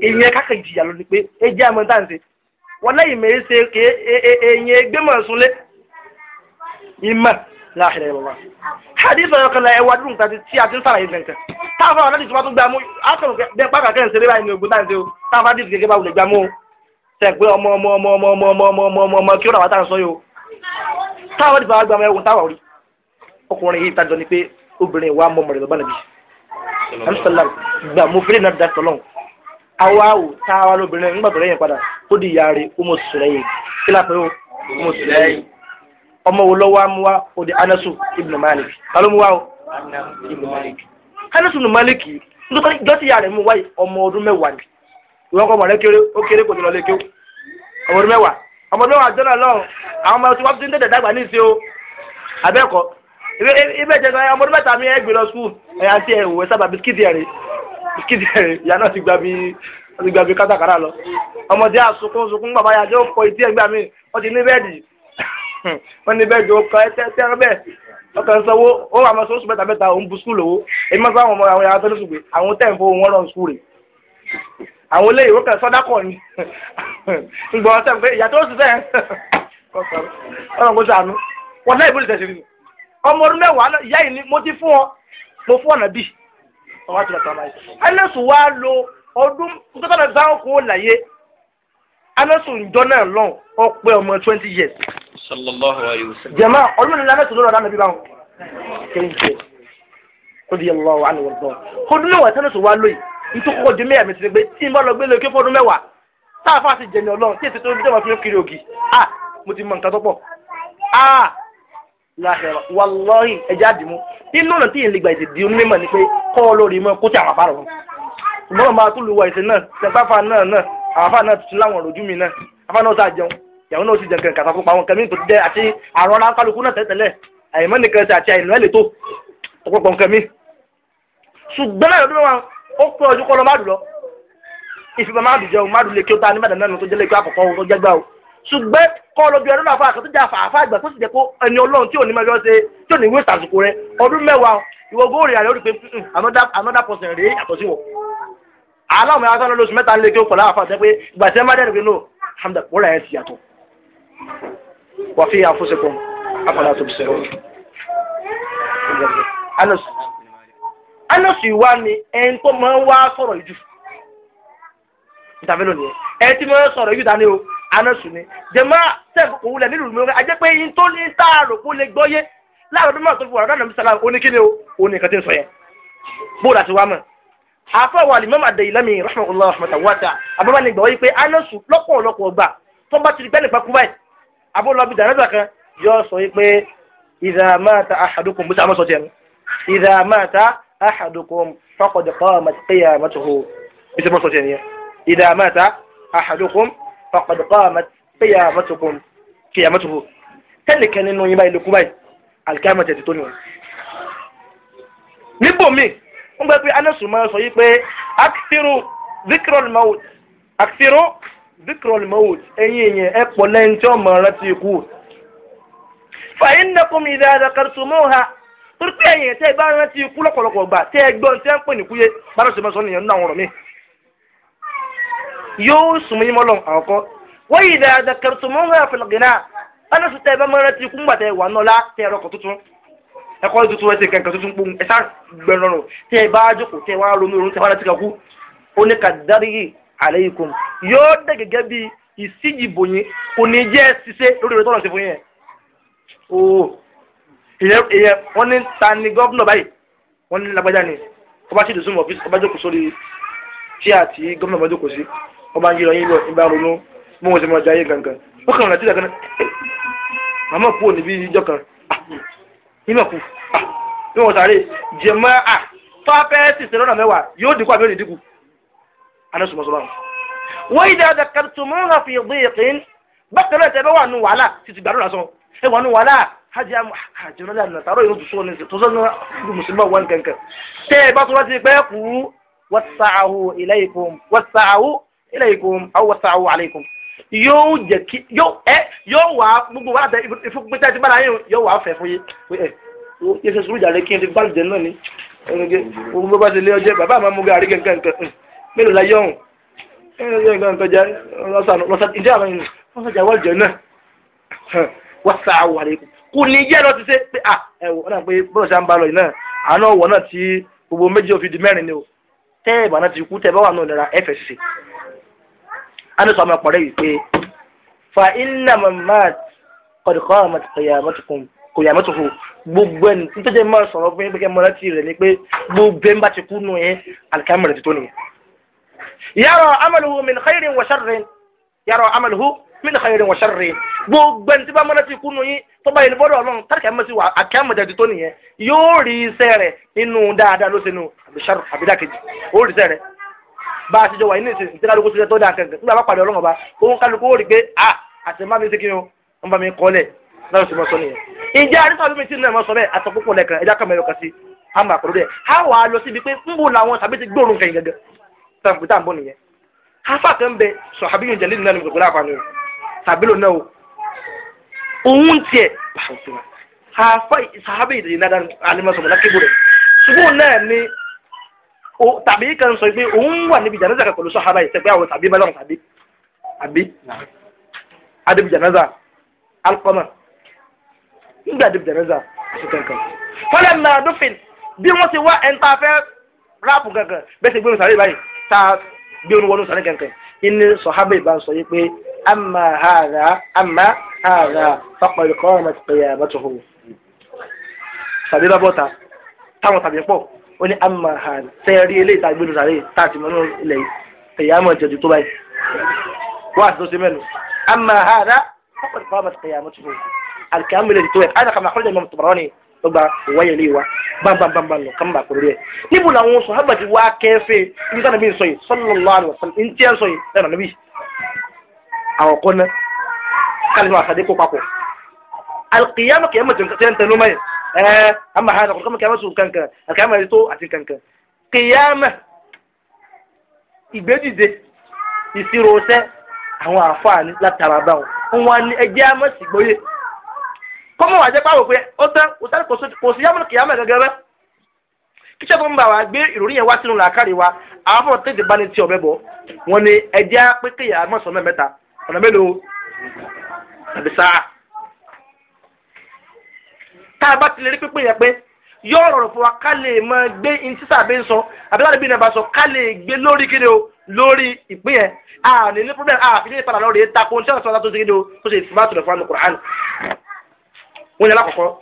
ìyẹn káka jìyà lórí pé ẹ jẹ́ àmọ́ tá à ń ṣe wọ́n lẹ́yìn mẹ́rin ṣe ké ẹ̀yìn e, e, ẹgbẹ́mọ̀ súnlé ìmọ̀ láàrin ẹ̀rọ wa. hadith ọ̀yọ́ kan ẹ̀wà dúró nǹkan tí a ti ń sàlàyé nǹkan táwọn àwọn aláàdìsí wa tún gbà mú akọ̀rọ̀ bẹ́ẹ̀ pàkà kẹ́hìn ṣeré báyìí ní ogun táǹtì o táwọn aláàdìsí gẹ́gẹ́ bá wulẹ̀ gbà mú o sẹ̀ pé ọmọ ọmọ ọmọ ọmọ ọmọ ọmọ ọmọ ọmọ ọmọ kí ó rà wá táǹsọ yìí o táwọn aláàdìsí wa gbà mú ẹwùn táwọn rí ọkùnrin yìí ìtajọ ni pé obìnrin wa mọ mọ̀rẹ̀ lọ́gbà nàbí awáwò tá a wá lóbìnrin nígbà lẹ́yìn padà ó di ìyá rẹ̀ ó mọ̀ kí ọmọ wo lọ́wọ́ wa anasu ibn malik ta ló mú wa o anasu ibn malik jọ́sí ìyá rẹ̀ mú wáyé ọmọ ọdún mẹ́wàá ni ìwọ́n kọ́ ọmọ kéré ó kéré kò ní lọ lé kéwù ọmọ ọdún mẹ́wàá ọmọ ọdún mẹ́wàá jọ́nà kíkìdì ìyá náà ti gba bí wọ́n ti gba bí kátàkárà lọ ọmọdé àsunkún sunkún bàbá yàjọ kọ etí ẹgbẹ́ mi wọ́n ti ní bẹ́ẹ̀dì [LAUGHS] wọ́n ní bẹ́ẹ̀dì o kọ ẹtẹ tẹ́rẹ́ bẹ́ẹ̀ ọkàn sanwó ó wà mọ́sán oṣù mẹ́ta mẹ́ta òun bu skul owó èmi máa sáwọn ọmọ àwọn yàrá tó ní sùgbé àwọn tẹ̀ ń fọ wọn rán skul rẹ̀ àwọn eléyìí ó kàn sọ́dá kọ̀ ni ǹgbọ́n [LAUGHS] ọ̀sẹ̀ pé ìyá tó sì sẹ́yìn ọ̀rọ̀ kó sànú wọn náà ìbúlẹ̀ tẹ̀sí ni ọmọ ọdún mẹ́wàá ìyá ni mo ti fún ọ mo fún ọ̀nà bíi ọwọ́ àti bàtà báyìí. anẹ́sùn wa lo ọdún nítorí bá òkú ó láyé anẹ́sùn ìjọ náà lọ ọpẹ ọmọ twenty years. sallallahu alayhi wa sallam. jẹ̀mọ́ ọdún mẹ́rin anẹ́sùn ló rọ̀ dáná bí báwọn. kódìyẹ lọ́wọ́ àni wọ́n dán. kódìyẹ wà sẹ́nẹ̀sùn wa lóyè ìtòkòkò jẹ́ mẹ́rin mi ti gbé tí n bá lọ gbé lókè fọ́dún mẹ́wàá táà fáà ti jẹ̀ni ọlọ́run tí èsì tó ń kiri láṣẹwà wàlọ́ọ̀rì ẹja dìmú inú ọ̀nà tí yẹn lè gbà ètè di onímọ̀ ni pé kọ́ ọ lórí mọ́ kó tí àwọn afárò wọn. ìmọ̀ràn máa tún lu wà ètè náà sẹ́ńpáfà náà náà àwọn afárò náà tuntun láwọn òròjú mi náà afárò náà sáà jẹun ìyàwó náà ó sì jẹun kẹ̀kẹ́ àtàkùn pa àwọn kẹ̀mí tó jẹ́ àti àrùn ọ̀la kálukú náà tẹ́tẹ́lẹ̀ àyèmọ́ nìkan ti àti àìlú ẹ̀lẹ́tò ọ̀pọ̀pọ̀ kẹ̀mí. ṣùgbọ́n náà lọ́dún ṣùgbọ́n kọ́ lóbi ọdún àfa àkàtúntò jẹ́ àfààfà àgbà tó sì jẹ́ kó ẹni ọlọ́run tí ò ní mẹ́jọ ṣe tí ò ní wíṣà àsìkò rẹ ọdún mẹ́wàá ìwọ góòrè àrẹ orí pé hmm, another person rèé yàtọ̀ sí wọn. aláwọ̀ mẹ́ta sọ́nà lóṣù mẹ́ta lé kí ó pọ̀ láwàfà sẹ́ pé ìgbà tí ẹ má dẹ́nu pé no hamdà wọ́n rà ẹ̀ sí yàtọ̀. wà fi àfúnṣekùn àpàlà tó bìṣẹ́ wọn. anọ́sì wa ni ẹni tó máa ń wá sọ̀rọ̀ ìjù ìtàfẹ́ lónìí ẹ ti máa ń sọ̀rọ̀ ìjù dání o anasu ni jẹ̀mọ́ sẹ́ẹ̀kì òun lẹ̀ nílùú mìíràn ajẹ́ pé yín tó ní táàrò kó lè gbọ́ yé láàrọ̀ bí màtó wà lọ́dọ̀ mísàlá oníkíni o òun nìkan ti ń sọ yẹn bóòlù àti wàmọ̀ àfọwọ́ alimami adéyìlámi rahmatulah rahmatulah wata ababa ni gbàwọ́ yìí pé anasu lọ́pọ̀lọpọ̀ gbà tó bá ti di bẹ́ẹ̀ nípa kúbáyì abúlọ́bí dàrẹ́dà kan yóò sọ yìí pé idha mata ahadukum musa amọ̀ sọ tiẹ̀ idha mata ahadukum faqad qamat qiyamatuhu musa amọ̀ sọ tiẹ̀ idha mata ahadukum faqad qamat qiyamatukum qiyamatuhu tẹ́nìkan nínú yín báyìí lókun báyìí alikiyama tẹ̀ ti tó nìyẹn. níbo mi wọ́n gbé pé Anas máa sọ yìí pé akiru zikrol maut akiru zikrol maut ẹ̀yin èèyàn ẹ̀ pọ̀ lẹ́yìn tí ọmọ rẹ ti kú. fa innakum idha dhakartumuha torí pé ẹ̀yin tẹ́ ẹ bá rántí ikú lọ́pọ̀lọpọ̀ gbà tẹ́ ẹ gbọ́ tẹ́ ẹ ń pè ní kúyé bá yóò sùnmù yín mọ́lọ́n àkọ́kọ́ wọ́n yìí dà dà kẹrìtù mọ́ wọn fẹlẹ̀ gẹ̀nà ẹnìsù tẹ ẹ bá mọ́ra ti kún gbàtẹ wà nọ́lá tẹ ẹ̀rọ kọ̀ tuntun ẹ̀kọ́ tuntun ẹ̀sẹ̀ kẹ̀kẹ́ tuntun kpọ́n ẹ̀sà gbẹ̀rọ̀rọ̀ tẹ ẹ bá jókòó tẹ wá ronú ronú tẹ wá láti kakú ó ní ka dáríyì aleikum yóò dẹ gẹ́gẹ́ bí ìsíjìbò yín kò ní jẹ́ ṣiṣẹ́ lórí rẹ̀ tọ́lọ̀ sí fún yẹn o ìyẹn wọ́n ní ta ni gọ́vnọ̀ báyìí wọ́n ní lágbájá ni ọba sì dùn sún mọ́ ọ́fíìsì ọba jókòó sórí tí àti gọ́vnọ̀ ọba jókòó sí ọba ń yí lọ yín lọ ìbá ronú bí wọn ṣe máa jayé gangan ó kàn láti dàgbà ah, màmá ah, kú òní bí ìjọ kan nígbà kú bí wọn sáré jẹmọ à ah, fáfẹ́ẹ́sì ṣe lọ́nà mẹ́wàá yóò dínkù àbí òní dínkù anásùmọ̀sọ̀bá wọ́n ìdá ọ̀dà kàtùmọ́ hàn fi ìgbé ìpín bákan náà tẹ́lẹ̀ wà nù wàhálà títí gbàdúrà lásán ẹ wà nù wàhálà hajj amu hajj ọ̀nà dànù tààrọ̀ yóò tún sọ́ni tó sọ́ni ní mùsùlùmá wọn kankan tẹ́ ẹ bá tó láti pẹ́ kú wọ́n sàáhù ilaykum wọ́n sàáhù ilaykum aw wasa'u alaykum yóò jẹ kí yóò ẹ yóò wá gbogbo wa tẹ ìfúnpẹ́tẹ́ ti bá láyé yóò wá fẹ́ fún yé ẹ yóò ṣe sùúrù jàre kí n ti bá lùjẹ náà ni gbogbo bá ti lé ọjẹ bàbá àmọ́ mú gàrí kankan kan mélòó la yọ̀hún kankan kan jẹ lọ́sàn lọ́sàn ìjẹ́ àwọn ènìyàn lọ́sàn jà wọ́ọ̀jẹ̀ náà wasa'u alaykum kò ní yẹ́ lọ ti ṣe pé à ẹ wò ó náà pé bọ́ọ̀ṣà ń bá lọ yìí náà àná ọ̀wọ́ náà ti gbogbo méjì òfin di mẹ́rin ni o tẹ́ ìbànú ti kú tẹ́ bá wà náà nira ẹ fẹ́ ṣe anisọ ọmọkùnrin yìí pé fa iná mamat kọ̀dùkọ́ àmọ́ kò yà mọ́tò kù gbogbo ẹni títí tẹ́ máa sọ̀rọ̀ fún yín pé kẹ́ mọ́ ni pé gbogbo ẹni bá ti kú nù yẹn alikamẹ́rẹ́ ti tó nìyẹn. yàrá amaluhu min khayrin wa sharrin yàrá amaluhu min khayrin wa sharrin gbogbo ẹni tí bá mọ́ láti kú nù yín tó bá yẹn ní bọ́dọ̀ ọlọ́run tàbí kẹ́mọ́ sí wa alikamẹ́rẹ́ ti tó nìyẹn yóò rí iṣẹ́ rẹ̀ dáadáa ló ṣe nù àbíṣàrò àbídàkejì rí iṣẹ́ bá a ṣe jọ wà nínú ìsìn ìtẹ́ka lóko ṣiṣẹ́ tó dáa kankan nígbà bá pàdé ọlọ́run ọba òun kálukú ó rí pé a àti má mi ṣe kí o wọ́n bá mi kọ́ lẹ̀ lọ́dọ̀ sí mọ́ sọ nìyẹn. ìjà àríkà olómi tí nínú ẹ̀ mọ́ sọ bẹ́ẹ̀ aṣọ púpọ̀ lẹ́ẹ̀kan ẹja kàmẹ́rẹ́ kan sí àmọ́ àkọ́rọ́ dẹ̀ a wà á lọ síbi pé ń bò làwọn tàbí ti gbóòórùn kẹ̀yìn gẹ́gẹ́ tàbí tá à ń bọ̀ nìyẹn. afa kan bẹ sọ̀hábí ni tàbí kan sọ pé òun wà níbi jànáza kan pẹ̀lú sọ́hábà yìí sẹ́gbẹ́ àwọn tàbí bẹ́lọ́run tàbí àbí adébí jànáza alkọ́mà nígbà adébí jànáza àṣetẹ̀ kan. fọlẹ́ mẹ́ra dófin bí wọ́n ti wá ẹ̀ńtà fẹ́ ráàpù kankan bẹ́ẹ̀ ti gbé wọn sáré báyìí tá a gbé wọn wọnú sáré kankan inú sọ́hábà yìí bá ń sọ yìí pé àmà hàrà àmà hàrà fọkànlélọ́kọ́ ọ̀rọ̀ mẹ́tẹ̀ẹ̀yà mẹ́tẹ̀ẹ̀ ó ní àmà hàn sẹ́yìn rí eléyìí tá a gbẹdọ̀ sàrẹ́ tá a ti mọ̀ nínú ilẹ̀ yìí kẹ̀yàmọ̀ jẹ̀dù tó báyìí wọ́n àti tó ṣe mẹ́nu àmà hàn rà fọ́pọ̀ nípa ọmọ kẹ̀yàmọ̀ tó fún un àlùkàmù ilẹ̀ tó yẹ àdà kàmà àkọ́lẹ̀ mọ̀ tọ̀bọ̀rọ̀ ni ó gba ìwáyẹ̀ ilé wa bámbámbámbám lọ kàmà àkọ́rọ̀ rẹ̀ níbo làwọn sọ hábàtì wá kẹfẹ́ ibi sànà bíi ẹ ama ha nàkọ̀tọ̀ kọ́mọ̀ kí a máa sùn kankan àti àmà ètò àti kankan kìyàmà ìgbédìde ìṣirò sẹ́ a máa sìgbóyè kọ́mọ̀ wà jẹ́ pàwọ̀ pé ó tán tó ń bá wa gbé ìròyìn yẹn wá sínú làákàrí wa àwọn tí ọbẹ̀ bọ̀ wọn ni pé mẹ́ta ọ̀nà tá a bá ti lè rí pípé yẹn pé yóò rọrùn fún wa ká lè máa gbé ní sísà bí ń sọ àbíláàdì bí ń bá sọ ká lè gbé lórí kíni o lórí ìpín yẹn a ní ní problem a fi ní ìpadà lọ́ọ̀rì yẹn takò ní sọ́nà sọ́nà tó ṣe kíni o tó ṣe ìfúnbá tòlẹ̀ fún àmì Qur'an. wọ́n yẹn lákọ̀ọ́kọ́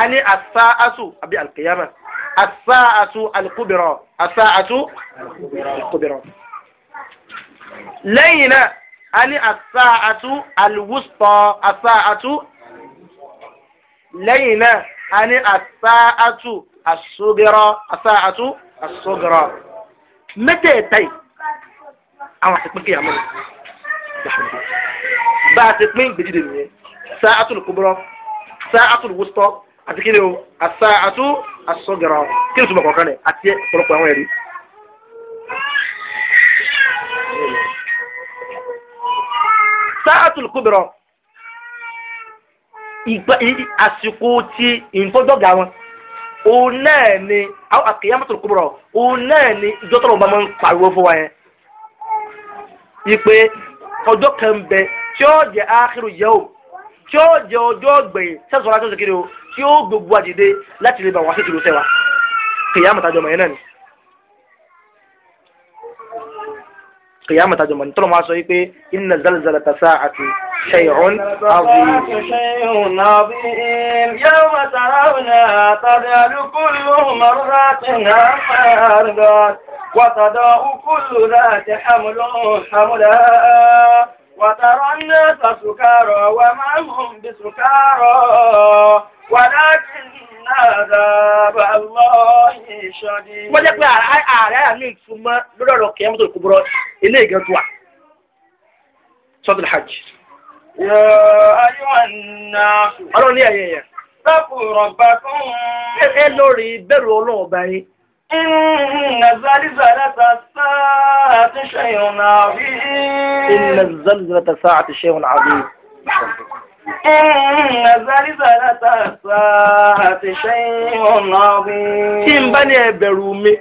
a ní asaatu àbí alikiyama asaatu alikubirọ asaatu alikubirọ. lẹ́yìn náà a ní asaatu aliwusọ asaatu lẹ́yìn náà a ní asaatu asogirọ asaatu asogirọ mẹ́tẹ̀ẹ̀ta yìí àwọn àti pín kéèyàn mọ bá a ti pín gbèdéde nìyẹn saatu lukuburọ saatu luwusitọ àti kíni o asaatu asogirọ kíni tó mọ kọ̀ọ̀kan rẹ àti ọ̀pọ̀lọpọ̀ àwọn ẹ̀rí. saatu lukuburọ ìgbà àsìkò tí ìtọ́jọ́gà wọn òun náà ni àwọn àkèyàmọ́tò kúrò òun náà ni ìjọ tọrọ bá máa ń pariwo fún wa yẹn ipe ọjọ́ kan bẹ tí ó jẹ àkìrò yẹ o tí ó jẹ ọjọ́ gbẹ̀yìn sẹ́sọ̀rọ̀ àti ọ̀sẹ̀ o tí ó gbogbo àdìde láti lè bá wọn àti tìlú sẹ́wà kèyàmọ́tò àjọmọ̀ yẹn náà ni. قيامة تاج من تلو ما سوي إن زلزلة ساعة شيء عظيم شيء عظيم يوم ترون تذهل كل مرات عما أرضت كل ذات حمل حملها وترى الناس سكارى وما هم بسكارى ولكن عذاب الله شديد. wọ́n jẹ́ pé ààrẹ àmì ìtumọ̀ lórí ọ̀rọ̀ kẹ́yàmọ́ tó kú bọ́rọ̀ ilé ìgẹ̀tù إن زلزلة ساعة شيء عظيم إن زلزلة ساعة شيء عظيم إن زلزلة الساعة شيء عظيم كم بني bá ní ẹ bẹ̀rù mi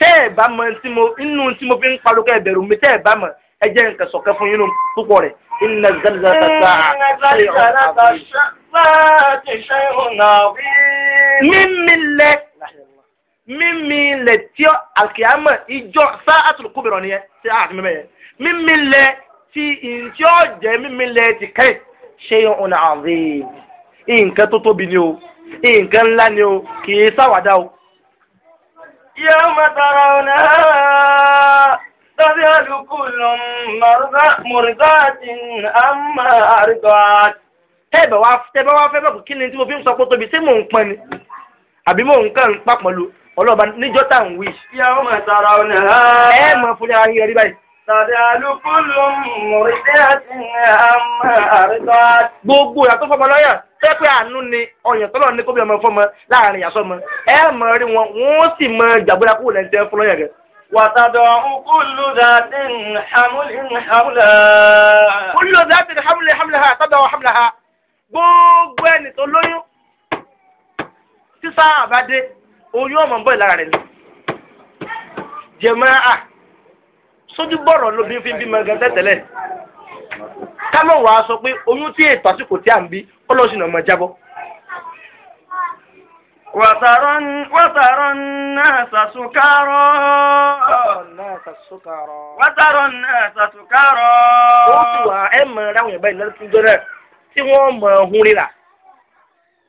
tẹ́ ẹ bá mọ̀ tí mo inú tí mo fi ń parọ́ kẹ́ ẹ bẹ̀rù mi tẹ́ ẹ bá mọ̀ ẹ nǹkan sọ̀kẹ́ fún yín púpọ̀ rẹ̀ إن زلزلة الساعة شيء عظيم. mímí lẹ mímí lẹ̀ tí àkìyámọ̀ sa sáàtùlù kúbìrọ̀ nìyẹn tí a mímẹ́ yẹn mímí lẹ̀ tí ìtí ọ̀jẹ̀ mímí lẹ̀ tí kẹ́yìn ṣé ọ̀nà àrèé nǹkan tó tóbi ni o nǹkan ńlá ni o kì í sáwàdà o. يوم ترونها تذهل كل مرضعة أما أرضعت tẹ́bẹ̀ wá fẹ́ bá wá fẹ́ bá kí ni tí mo fi ń sọ pé tóbi ṣé mò ń pọn ni àbí mò ń kàn ń ọlọ́ba níjọ́ tá à ń wí. yà ó mà sara ọ̀nà. ẹ mọ fúnra yín rí báyìí. sàdàlù kúlù mùrìdẹ́ àti àmà àrídọ́. gbogbo ìyàtọ̀ fọmọ lọ́yà pẹ́pẹ́ àánú ni ọ̀yàn tọ́lọ̀ ní kóbi ọmọ fọmọ láàrin ìyàsọ́ mọ ẹ mọ rí wọn wọ́n sì mọ jàgbéra kúrò lẹ́ńtẹ́ fún lọ́yà rẹ̀. Wàtàdọ̀ kúlù dàtí hamlẹ̀. Kúlù dàtí hamlẹ̀ hamlẹ̀ ha tàdọ̀ hamlẹ̀ oyún ọmọ ń bọ̀ lára rẹ̀ ni jẹ̀mọ́ à sójú bọ̀rọ̀ lóbìnrin fi ń bímọ gan tẹ́tẹ́lẹ̀ kámọ̀ wàá sọ pé oyún tí ètò àsìkò tí à ń bí ọlọ́sìn ọmọ jábọ́. وترى الناس سكارى وترى الناس سكارى. ó ti wà ẹ̀ mọ̀ ẹ́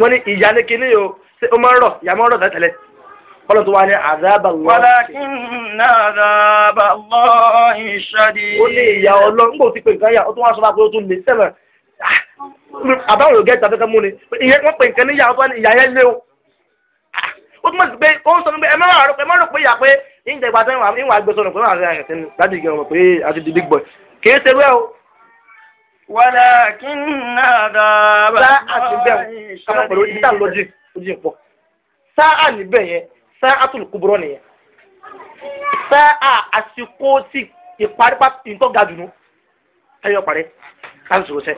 wọ́n ní ìyá ní kinní yìí o ṣé ó máa ń rọ̀ ìyá máa ń rọ̀ tẹ́tẹ́lẹ̀ kọ́lọ́ tó wá ní àzábà lọ́wọ́. walakinna àzábà Allahi shadid. ó ní ìyá ọlọ́ nígbà tí pé nǹkan yà ó tún wá sọ fún akóyó tún lè sẹ́mẹ̀ ah, àbáwọn ògẹ́ ìta fẹ́fẹ́ mú ni ìyẹn wọ́n pè nǹkan níyà ó tún wá ní ìyá yẹn lé o. Ah, ó túmọ̀ sí pé ó ń sọ pé ẹ má rò pé ìyá pé ìjẹ̀gbà tẹ́wọ̀n ìwà gbẹ́sọ̀rọ̀ pé wọ́n àti àyẹ̀sẹ̀ ní láti walakin adaba. sáà ti bẹ́ẹ̀ ọmọ pẹ̀lú ibi tá a lọ jí ojú pọ̀ sáà níbẹ̀ yẹn sáà tó lè kúburọ́ nìyẹn sáà àsìkò tí ìparí nǹkan ga dùnú ayọ̀ parí ká ń sòrò sẹ́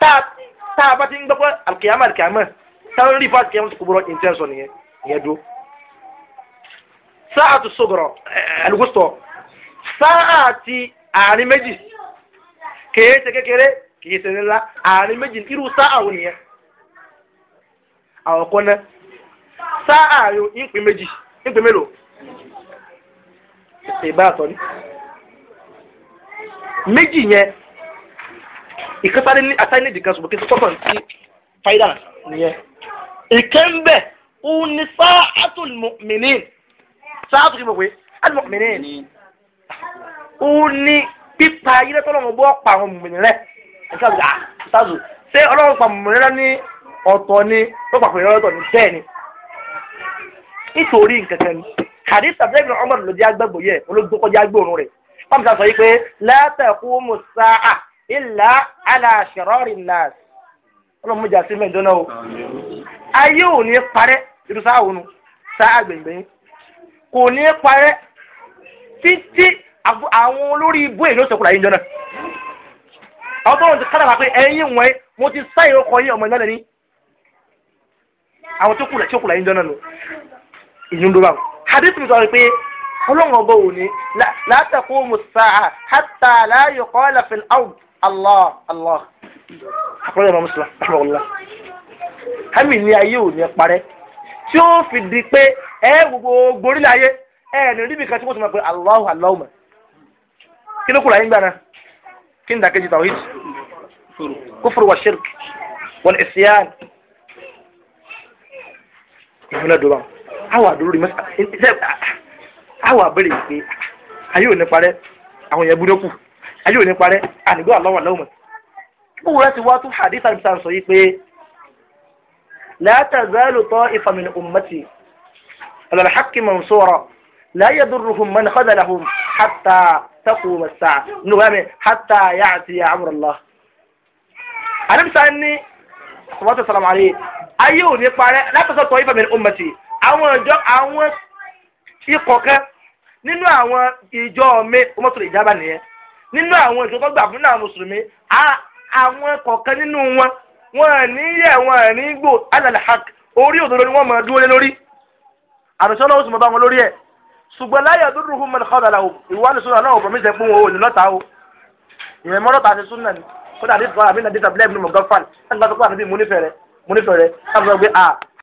tá a bá ti ń gbọ́ pé àlùkìyàmọ̀ àlùkìyàmọ̀ rí fún àlùkìyàmọ̀ tó ní tẹ́sán nìyẹn ìyẹn dúró sáà tó sọ̀rọ̀ àlùkò sọ̀ sáà ti àárín méjì kèé ṣe kékeré kìí ṣe ńlá àárín méjì irú sáà wo nìyẹn àwọn kan náà sáà yóò ń pín méjì ń mélòó ìbá àtọ ni méjì yẹn ìkásáré ní asánìdì kan ṣùgbọ́n kí n sọ́kọ̀ sí fáìdà nìyẹn ìkẹ́ńbẹ̀ òun ni sáà àtúnmọ̀mìnì sáà àtúnmọ̀pẹ́ àtúnmọ̀mìnì òun ni pípa ayílẹ̀ tọ́lọ́run bọ́ pa àwọn mùmìnir rẹ̀ ah, ṣáàzù ṣé ọlọ́run pa mùmìnir rẹ̀ ní ọ̀tọ̀ ni ó pa pèrè ni bẹ́ẹ̀ ni nítorí nkankan ni hadith abdulayi bin Umar ló di agbẹ́gbò yẹ olóògbé kọjá agbóòrùn rẹ̀ wọ́n sọ yìí pé la taqumu sa'a illa ala shirari nas ọlọ́run mọ̀jà sí mẹ́jọ náà o ayé ò ní parẹ́ irú sáà ònu sáà kò ní parẹ́ títí àwọn olórí ibú èyí ló sọ kúrò àyíjọ náà àwọn tó ń ti kálàbà pé ẹ̀yin wọ̀nyí mo ti sáyìn ọkọ yín ọmọ ìlànà ní àwọn tó kúrò àyíjọ àyíjọ náà nù ìyún ló bá wọn. hadith mi sọ pé ọlọ́run ọba òní látàkó musaa hàtà láàyò kọ́lá fil ard allah allah àkọlẹ́ ọmọ mùsùlùmí àkọlẹ́ ọlá hami ní ayé òní parẹ́ tí ó fi di pé ẹ gbogbo gborí láyé ẹ ní oníbìkan tí wọ́n ti mọ̀ pé allahu allahu mọ̀ kí ló kù láyé ń gbà náà kí kufur wa shirk wal isyan ìfúnná dùn báwọn àwọn àdúró rí mẹ́sà àwọn àbẹ̀rẹ̀ pé ayé ò ní parẹ́ àwọn èèyàn burúkú ayé ò ní parẹ́ ànígbó àlọ́wọ̀ lọ́wọ́ ó ti wá tún hadith àmì sọ yìí pé la tazalu ta'ifa min ummati ala al-haqqi mansura la yadurruhum man khadhalahum hatta taqumu as-sa'a nínú bá mi hatta ya'tiya amru Allah. àdébísà ní sọ̀rọ̀ sọ̀rọ̀ àlẹ́ ayé ò ní parẹ́ látọ̀sọ̀ tọ́ ibà min ummati àwọn ìjọ àwọn ikọ̀ kan nínú àwọn ìjọ mi ọmọtòrò ìjábà nìyẹn nínú àwọn ìjọ tó gbà fún àwọn mùsùlùmí àwọn kọ̀ọ̀kan nínú wọn wọn ní yẹ wọn ní gbò alàlàhàk orí òdodo ni wọn máa dúró lé lórí àdùsọ́nà ó sì mọ wọn lórí ẹ̀ ṣùgbọ́n láyé àdúrú fún mẹ́rin kọ́dà làwọn ìwádìí sọ̀rọ̀ náà òbọ̀mí ṣe fún òun lọ́ta o ìyẹn mọ́rọ́ta ti sún ni kódà ní ìfọ̀rọ̀ àmì nàdí tàbílẹ̀ ìbínú mọ̀gán fàn láti gbà tó pé àbí mo nífẹ̀ẹ́ rẹ̀ mo nífẹ̀ẹ́ rẹ̀ láti sọ a ah.